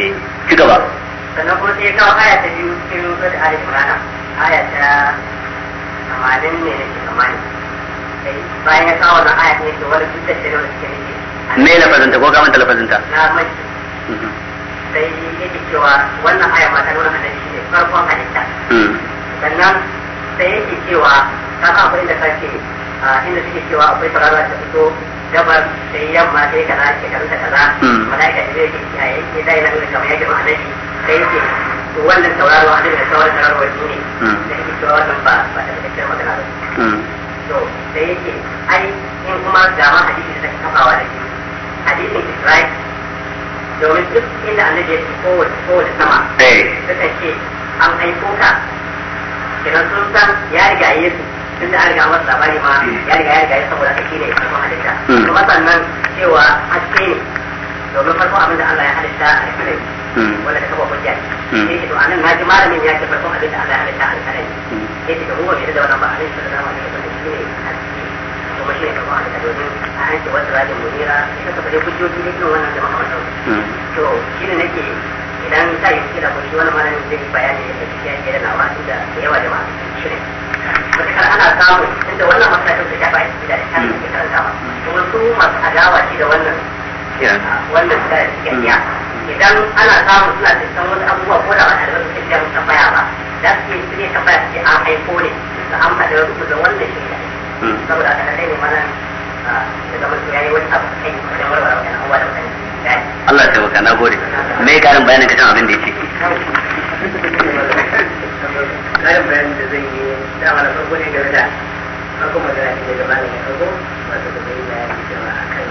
Speaker 1: eh
Speaker 2: ci gaba sannan kuma sai kawo aya ta biyu cikin rubutu da Ali Imran aya ta 80 ne nake tsammani eh, bayan ya kawo wannan aya ne to wani duk da shirin da suke nake
Speaker 1: me lafazinta ko kamanta lafazinta
Speaker 2: na mai mhm. sai yake cewa wannan aya ma ta nuna hadisi ne farkon halitta hmm. sannan sai yake cewa ta sa akwai da kace inda suke cewa akwai sarara ta fito gabar sai yamma sai kaza ke karanta kaza hmm. malaika da zai ke ya yake dai na da kamar yake ma'anar shi sai yake wannan sauraro a daga sauran sararwa wani ne hmm. sai yake cewa wannan ba ba ta da kyau magana ba hmm. to sai yake ai in kuma ga ma hadisi da kafawa da shi hadisin Isra'il domin duk inda annabi ya ce kowace sama eh. suka ce an aiko ka kenan sun san ya riga yi su tun da an riga masa labari ma ya riga ya riga yi saboda kake da ita halitta hmm. kuma sannan cewa haske ne domin farko abin da Allah ya halitta a rikirai hmm. wanda ta kafa hujja ne hmm. ce to anan na ji malamin ya ce farko abin da Allah ya halitta a rikirai ne ce to kuma bai da wannan ba a rikirai da wannan ne shi ne kuma shi ne kafa halitta domin a an ce wata rajin munira ita ka fara hujjoji ne irin wannan da makamantar to shi ne nake idan sa yi kira ko shi wani malami zai yi bayani da ta cikin yadda na wa da yawa da masu shirin matakar ana samu inda wannan matakin su shafa aiki da ne ke karantawa kuma su masu adawa shi da wannan wannan da yanya mm. idan ana samu suna cikin wasu abubuwa ko da ba albarka cikin da muka baya ba za su yi su ne ta baya ce an haiko ne su an faɗa wasu da wannan shi ne mm. saboda haka na ne mana da zaman su yayi wani abu kai da warware wani abubuwa da wani Allah ta baka na gode
Speaker 1: me karin bayanin kan abin da yake
Speaker 2: karin bayanin da zan yi da na farko ne da farko magana ne daga malamin farko wanda da zai bayani cewa akan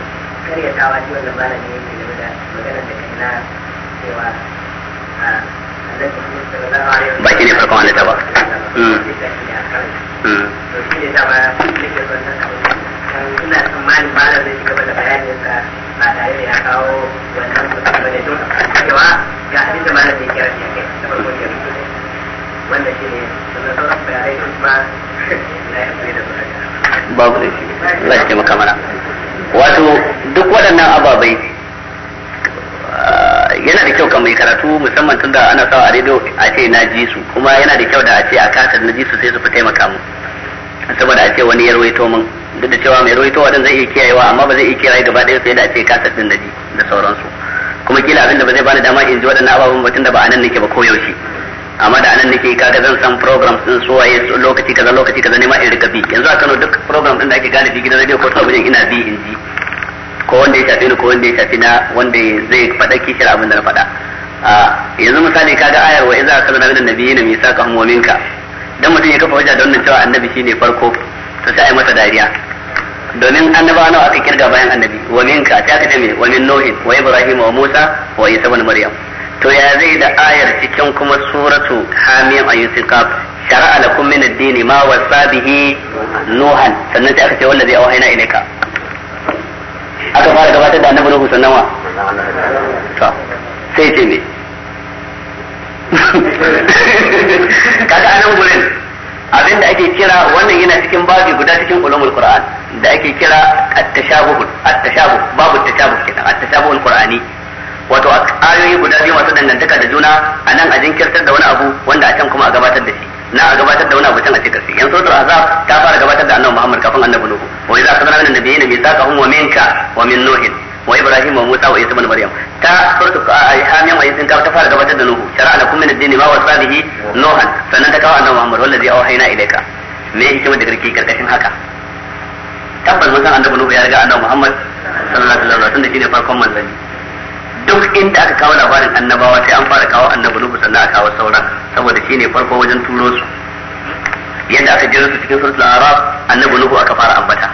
Speaker 2: karyatawa shi wannan malamin yake game da magana da kai na cewa ba shi ne farkon halitta ba. Mm. Mm. suna tsammanin malam zai ci gaba da bayaninsa ba tare da ya kawo wannan mutum ba ne don cewa ga abin da malam zai kira shi a kai da farko ke rubuta wanda shi ne sannan sauran bayanai sun ba na yi da su a
Speaker 1: babu da shi Allah ya taimaka mana wato duk waɗannan ababai ah, yana da kyau kamar karatu musamman tunda ana sawa a rediyo a ce na ji su kuma yana da kyau da a ce a kasar na ji su sai su fi taimaka mu saboda a ce wani ya rawaito min duk da cewa mai rawaitowa din zai iya kiyayewa amma ba zai iya kiyaye gaba ɗaya sai da a ce kasar din da da sauransu kuma kila abin da ba zai bani dama in ji waɗannan ababen ba da ba anan nake ba koyaushe amma da anan nake kaga zan san program din su waye lokaci kaza lokaci kaza ne ma in rika bi yanzu a Kano duk program din da ake gane bi gidan radio ko talabijin ina bi in ji ko wanda ya shafi ni ko wanda ya shafi na wanda zai faɗa kishir abin da na faɗa yanzu misali kaga ayar wa iza kana da nabiyina misaqahum wa minka dan mutun ya kafa hujja da wannan cewa annabi shine farko to sai ai masa dariya domin annabawa nawa aka kirga bayan annabi wa minka ta aka ce wa min nuhi wa ibrahim wa musa wa isa ibn maryam to ya zai da ayar cikin kuma suratu hamim ayyusul kaf shara'a lakum min ad-dini ma wasa bihi nuhan sannan sai aka ce wallazi auhayna ilayka aka fara gabatar da annabi nuhu sannan wa to sai ce me kaga anan gurin abin da ake kira wannan yana cikin babi guda cikin ulumul qur'an da ake kira at-tashabuh at-tashabuh babu at-tashabuh kenan at-tashabuh qurani wato ayoyi guda biyu masu dangantaka da juna a nan a jinkirtar da wani abu wanda a can kuma a gabatar da shi na a gabatar da wani abu can a cikin shi yanzu suratul azab ta fara gabatar da annabi Muhammad kafin annabi Nuhu wa idza akhadna min an-nabiyina mithaqahum wa minka wa min nuhin wa ibrahim wa musa wa isa ibn maryam ta surtu hamiyam wa isin ta fara gabatar da nuhu shar'a lakum min ad-din ma wa Salihi nuhan sannan ta kawo annabi muhammad wallazi awhayna ilayka me yake da garki karkashin haka tabbas mun san annabi nuhu ya riga annabi muhammad sallallahu alaihi wasallam tunda shine farkon manzanni duk inda aka kawo labarin annabawa sai an fara kawo annabi nuhu sannan aka kawo sauran saboda shine farko wajen turo su yadda aka jira su cikin suratul araf annabi nuhu aka fara ambata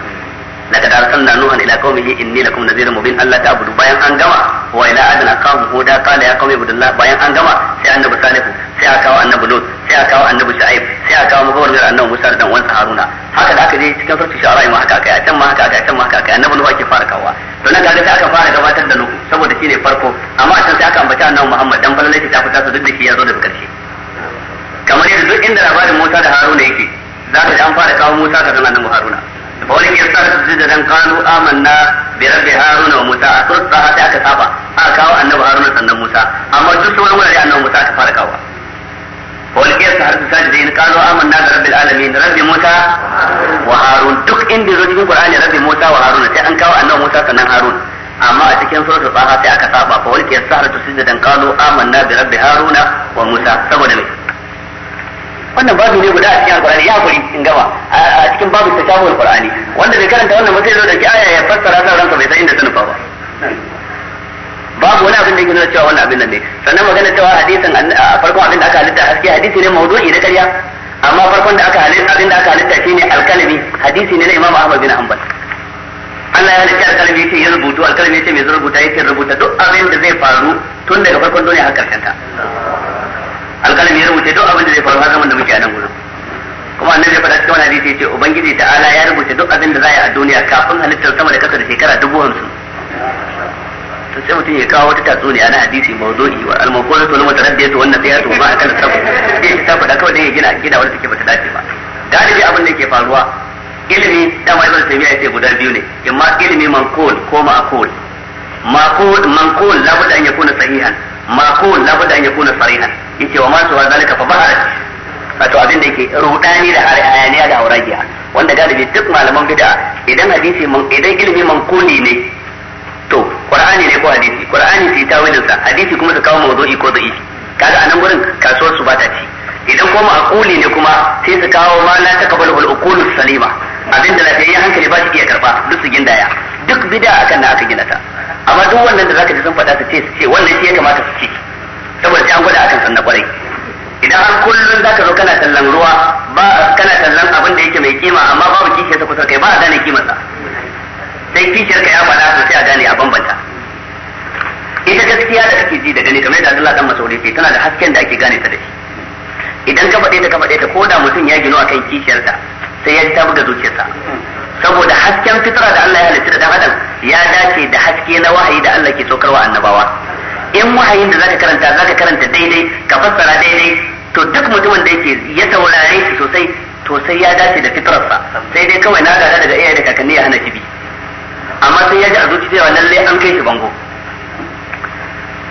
Speaker 1: لقد أرسلنا نوحا إلى قومه إني لكم نذير مبين ألا تعبدوا بيان أنجما وإلى أدنى قوم هودا قال يا قوم اعبدوا الله بيان أنجما سي أنبو صالح سي أكاو أنبو لوط سي أكاو أنبو شعيب سي أكاو غير أنه موسى دان وانسى هارونا هكذا أكا دي cikin sarki sha'ara ma haka kai a can ma haka kai a can ma haka kai annabi Nuhu ake fara kawa to nan kaga sai aka fara gabatar da Nuhu saboda shine farko amma a can sai aka ambaci annabi Muhammad dan balalai ta fita su duk da shi ya zo daga karshe kamar yadda duk inda labarin Musa da Haruna za an kawo Haruna ولم يستحق سجدا قالوا آمنا برب هارون وموسى أسرت صحة أكتابا أكاو أنه هارون سنة موسى أما جس ولولا لأنه موسى كفارك قول كيف يستحق سجدين قالوا آمنا برب العالمين رب موسى وهارون دك إن دي رجل القرآن رب موسى وهارون سأنكاو أنه موسى سنة هارون amma a cikin suratul taha sai aka saba fa walki yasahatu sujudan qalu amanna bi rabbi haruna wannan babu ne guda a cikin alqur'ani ya kuri in gama a cikin babu ta tashabul qur'ani wanda bai karanta wannan ba sai zo da aya ya fassara ta ranka bai san inda ta nufa ba babu wani abin da yake nuna cewa wannan abin nan ne sannan magana cewa hadisin farkon abin da aka halitta haske hadisi ne mawdu'i da ƙarya amma farkon da aka halitta abin da aka halitta shine alkalami hadisi ne na Imam Ahmad bin Hanbal Allah ya nake alkalami yake ya rubutu alkalami yake mai rubuta yake rubuta duk abin da zai faru tun daga farkon duniya har karshen ta Alkalin ya rubuce duk abin da zai faru har zaman da muke a nan gurin kuma annabi ya faɗa cikin wani hadisi ce ubangiji ta'ala ya rubuce duk abin da za a yi a duniya kafin halittar sama da kasa da shekara dubu hamsin to sai mutum ya kawo wata tatsuniya na hadisi mawdu'i wa al-maqulu to lamma taraddiyatu wa nasiyatu ma akala sabu sai ta faɗa kawai dai ya gina gida wanda take bata dace ba galibi abin da ke faruwa ilimi mai ibn tabiya yace guda biyu ne imma ilimi manqul ko ma'qul ma'qul manqul labudda an yakuna sahihan maqul na bada an kuna farina yace wa ma wa zalika fa baharat wato abin da yake rudani da hayaniya da auragiya wanda galibi duk malaman bid'a idan hadisi man idan ilimi manquli ne to qur'ani ne ko hadisi qur'ani sai wajin sa hadisi kuma su kawo mawdu'i ko da'i kaga anan gurin kasuwar su bata ci idan kuma aquli ne kuma sai su kawo ma la takabalu al-uqul salima abin da lafiyayya hankali ba shi iya karba duk su gindaya duk bid'a akan na aka gina ta amma duk wannan da zaka ji sun faɗa su ce su ce wannan shi ya kamata su ci saboda sai an gwada akan sannan kwarai idan har kullun zaka zo kana tallan ruwa ba kana tallan abin da yake mai kima amma babu kishiyarsa kusa kai ba a gane kimarsa sai ka ya faɗa su sai a gane a bambanta ita gaskiya da kake ji da gani kamar yadda Allah dan masauri ce tana da hasken da ake gane ta da shi idan ka faɗe ta ka faɗe ta ko da mutum ya gino akan ta. sai ya tabu da zuciyarsa saboda hasken fitara da Allah ya halitta da dan adam ya dace da haske na wahayi da Allah ke saukarwa annabawa in wahayin da zaka karanta zaka karanta daidai ka fassara daidai to duk mutumin da yake ya saurare shi sosai to sai ya dace da fitrarsa sai dai kawai na gada daga iyaye da kakanni ya hana shi bi
Speaker 2: amma sai ya ji a zuci cewa lalle an kai
Speaker 1: shi bango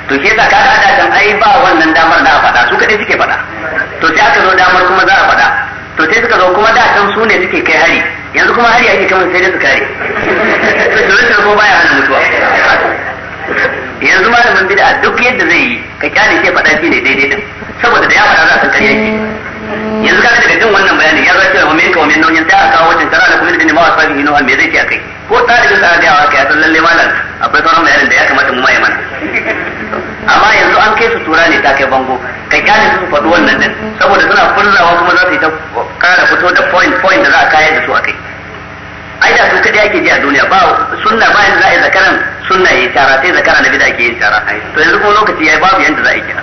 Speaker 1: to shi yasa kaga ada ai ba wannan damar da a faɗa su kadai suke faɗa to sai aka zo damar kuma za a faɗa to sai suka zo kuma da can su ne suke kai hari yanzu kuma hari ake kamar sai da su kare to ko baya hana mutuwa yanzu malamin bid'a duk yadda zai yi ka kyale shi faɗa shi ne daidai din saboda da ya faɗa za su san kariya shi yanzu kaga daga jin wannan bayanin ya zai cewa wa minka kawai min nauyin sai aka kawo wancan tara da kuma da ma wasu yin nau'an me zai ce akai ko da sa ga yawa kai san lalle malam akwai sauran bayanin da ya kamata mu ma ya mana amma yanzu an kai su tura ne ta kai bango kai kyale su faɗi wannan din saboda suna furzawa kuma za su yi ta kara fito da point point da za a kayar da su akai ai da su kadai ake ji a duniya ba sunna ba yanzu za a yi zakaran sunna yi tara sai zakara na bida ake yin tara to yanzu kuma lokaci yayi babu yanda za a yi kira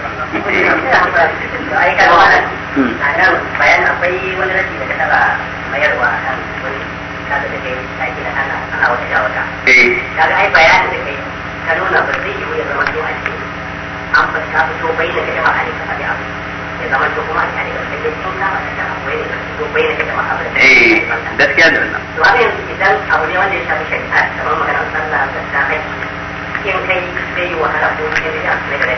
Speaker 2: bayan akwai wani rashi da ka taba mayarwa kan wani kaga da kai ta gina ana ana wata da wata eh. kaga ai bayanin da kai ka nuna ba zai yi ya zama to a cikin an ba ta fito bai da jama'a ne ka faɗi abu ya zama to kuma ya ne ka sai in ka faɗi da ne ka fito bai da jama'a ba eh gaskiya da wannan to abin idan abu ne wanda ya shafi shari'a kamar maganar sallah da ta haji kai sai wahala ko kai da abu ne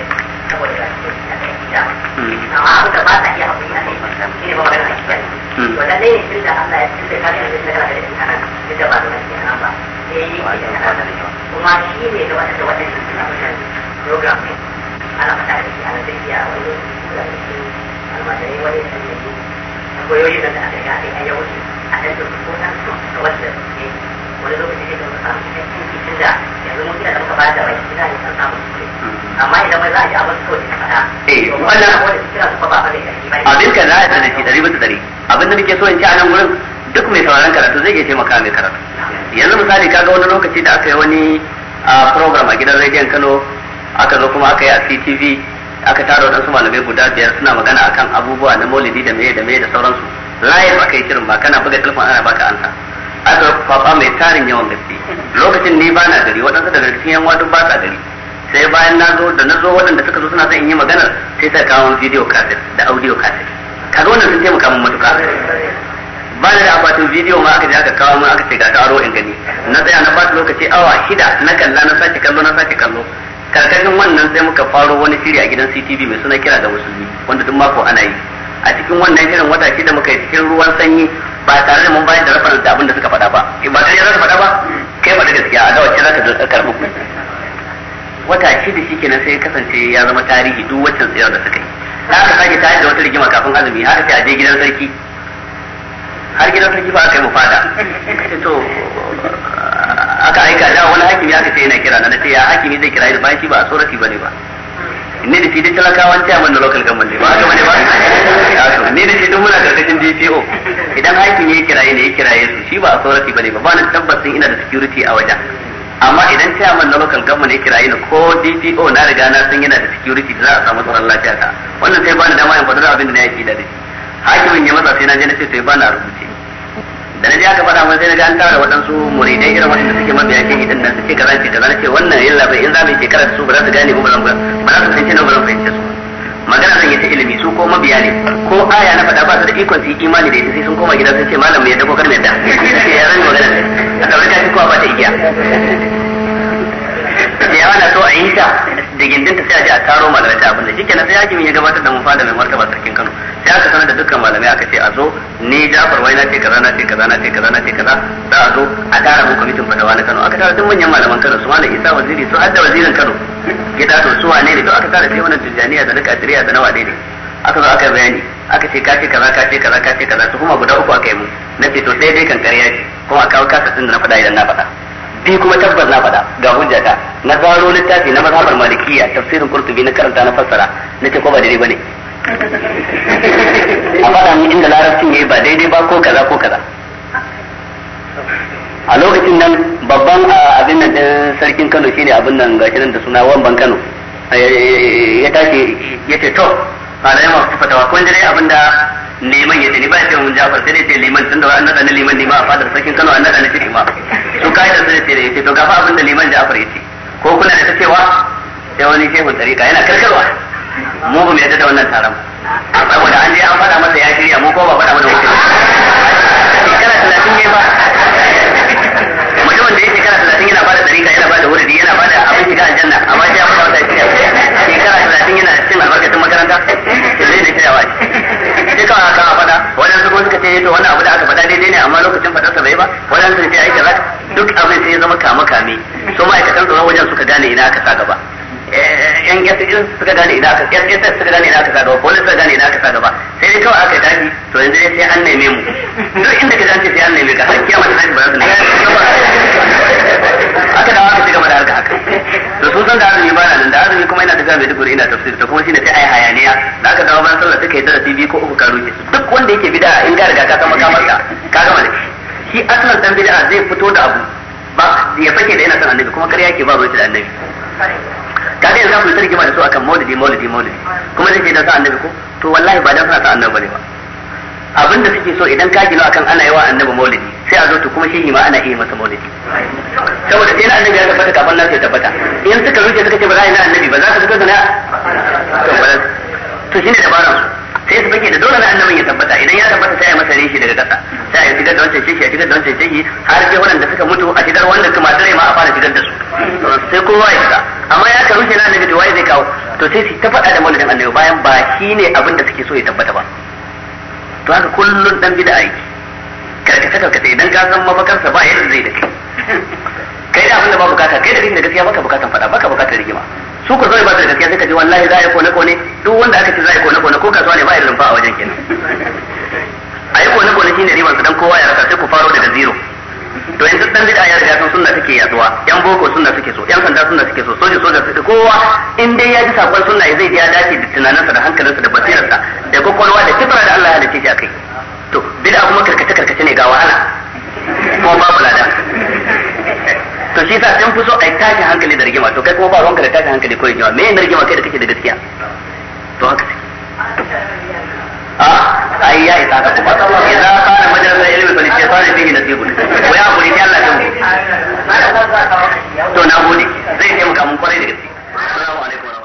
Speaker 2: saboda ba su da gida amma abu da ba ta iya abu ne shi ne ba maganar aiki to da ne tun da Allah ya tun da kare da kana da shi kana duk da ba su da ba sai yi kuma shi ne da wata da wanda ne wannan ta ne ana da shi wani kula da wani kan yanzu akwai da aka riga a ya wuce a ɗan da ko ɗan su ga wanda suke wani lokaci ne da mu samu cikakken cikin da yanzu mun gina da muka bada bai gina ne kan samu amma idan mai za a ji abin kawai ka faɗa.
Speaker 1: eh wannan wani kira su ba ba zai abin ka za a sanar shi ɗari bisa ɗari abin da muke so in ci a nan wurin duk mai sauraron karatu zai iya taimaka mai karatu yanzu misali kaga wani lokaci da aka yi wani a ah, program a gidan rediyon kano aka zo kuma aka yi a CTV aka tara waɗansu malamai guda biyar suna magana akan abubuwa na maulidi da meye da meye da sauransu live aka yi kirin ba kana buga telefon ana baka ansa aka fafa mai tarin yawan gaske lokacin ni ba na gari waɗansu daga cikin yan wadun ba sa gari sai bayan na zo da na zo waɗanda suka zo suna son in yi magana sai ta kawo video cassette da audio cassette zo wannan sun taimaka min matuƙa ba da akwatin bidiyo ma aka je aka kawo mun aka ce ga taro in gani na tsaya na bata lokaci awa shida na kalla na sake kallo na sake kallo karkashin wannan sai muka faro wani shiri a gidan CTV mai suna kira ga musulmi wanda duk mako ana yi a cikin wannan shirin wata da muka yi cikin ruwan sanyi ba tare da mun bayar da rafar da abin da suka faɗa ba in eh, ba tare da ka faɗa ba kai ba da gaskiya a dawace za ka zo tsakar muku wata da shi kenan sai kasance ya zama tarihi duk wacce tsayar da suka yi da aka sake tare da wata rigima kafin azumi aka ce a je gidan sarki har gidan sarki ba kai mu fada to aka aika da wani hakimi aka ce yana kira na ce ya hakimi zai kira ni bayan shi ba tsorati ba ne da shi duk talakawan amma na local government ba haka bane ba ne da shi duk muna karkashin DPO idan hakimi ya kira ne ya kira su shi ba tsorati tsorafi ba ba ni tabbacin ina da security a wajen amma idan amma na local government ya kira ne ko DPO na riga na san yana da security da za a samu tsaron lafiya ta wannan sai ba ni dama in faɗa abin da na yaki da dai hakimin ya matsa sai na je na ce sai ba na rubuce da naji aka faɗa mun sai naga an tara waɗansu muridai irin da suke mabiya shehi din nan suke kaza ce kaza ce wannan illa bai in za mu yi shekara da su ba za su gane ba ba za su fahimci na ba za su fahimci su magana zan yi ta ilimi su ko mabiya ne ko aya na faɗa ba su da ikon su yi imani da ita sai sun koma gida sun ce malam mai yadda ko kar mai yadda yaran magana ne a ɗaure ta ko a ba ta igiya da na so a yi ta da gindin ta sai a a taro malamai ta abin da shi kenan sai hakimin ya gabatar da mun fada mai martaba sarkin Kano sai aka sanar da dukkan malamai aka ce a zo ni Jafar wai na ce kaza na ce kaza na ce kaza na ce kaza za a zo a tara mu kwamitin fatawa na Kano aka tara duk manyan malaman Kano su malam Isa waziri su hadda wazirin Kano gida to su wane ne to aka tara sai wannan tijaniya da na kadiriya da nawa dai ne aka zo aka bayani aka ce ka ce kaza ka ce kaza ka ce kaza su kuma guda uku aka yi mu na ce to sai dai kan kariya ce kuma kawo kasa tun da na faɗa idan na faɗa ni kuma tabbas na faɗa ga hujjata na zaro littafi na mazhabar malikiya tafsirin qurtubi na karanta na fassara na ce ko ba daidai bane
Speaker 3: a
Speaker 1: faɗa inda larabcin yayi ba daidai ba ko kaza ko kaza a lokacin nan babban abin nan sarkin Kano shine abin nan gashi nan da suna wan ban Kano eh, eh, eh, ya tashi yace to malamai masu fatawa kun dai abinda liman ya ce ni ba ya ce mun jafar sai dai ce liman tun da an naɗa ni liman ni a fadar sakin kano an naɗa ni cikin ma su ka'idar su ce da ya ce to gafa abinda liman jafar ya ce ko kuna da ta cewa sai wani yana karkarwa mu ba mu yadda da wannan taron suka gane ina aka SSS suka gane ina aka sa gaba wani suka gane ina aka sa gaba sai dai kawai aka tashi to yanzu sai an neme mu duk inda ka dace sai an neme ka har kiyama ta ba za su aka dawo aka cigaba da harka haka to sun san da azumi ba nan da azumi kuma ina tafiya mai dukuri ina tafsir ta kuma shine sai ai hayaniya da aka dawo ban sallah suka yi darasi tv ko uku ka duk wanda yake bid'a in ga riga ka san makamar ka gama ne shi asalin dan bid'a zai fito da abu ba ya fake da yana son annabi kuma kariya ke ba zuwa da annabi kaga yanzu ku tarjima da su akan maulidi maulidi maulidi kuma zai ce dan sa annabi ko to wallahi ba dan sa ta annabi bane ba abin da suke so idan ka gina akan ana yawa annabi maulidi sai a zo to kuma shi ma ana iya masa maulidi saboda sai na annabi ya tabbata kafin nan sai tabbata in suka rufe suka ce ba za a yi na annabi ba za ka fito da na to shine dabaran su sai su fake da dole na annabin ya tabbata idan ya tabbata sai ya masa rishi daga kasa sai ya shigar da wancan shehi ya shigar da wancan shehi har sai wannan da suka mutu a shigar wanda kuma dare ma a fara shigar da su sai kowa ya fita amma ya karu shi na annabi to waye zai kawo to sai su ta faɗa da maulidin annabi bayan ba shi ne abin da suke so ya tabbata ba to haka kullun dan bid'a yake ta karkata idan ka san mafakarsa ba yadda zai da kai kai da abin da ba bukata kai da kake da gaskiya baka bukatan faɗa baka bukatan rigima su ko zai ba su da gaskiya sai ka ji wallahi za a yi kone kone duk wanda aka ce za a yi kone kone ko kasuwa ne ba ya rumfa a wajen kenan a yi kone kone shine riban su dan kowa ya rasa sai ku faro daga zero to yanzu dan bid'a ya riga sun sunna take yaduwa yan boko sunna suke so yan sanda sunna suke so soja soja suke kowa in dai ya ji sakon sunna zai ji ya dace da tunaninsa da hankalinsa da basirarsa da kokolwa da kibra da Allah ya halice shi akai to bid'a kuma karkace karkace ne ga wahala ko babu ladan to shi sa sun fi so a tashi hankali da rigima to kai kuma ba ruwanka da tashi hankali ko rigima me yin rigima kai da kake da gaskiya to haka a ai ya isa ka kuma
Speaker 2: idan kana majalisar ilimi bali ce fara fihi nasibun ko ya gode ki Allah ya mu to na gode zai taimaka mun kwarai da gaske assalamu alaikum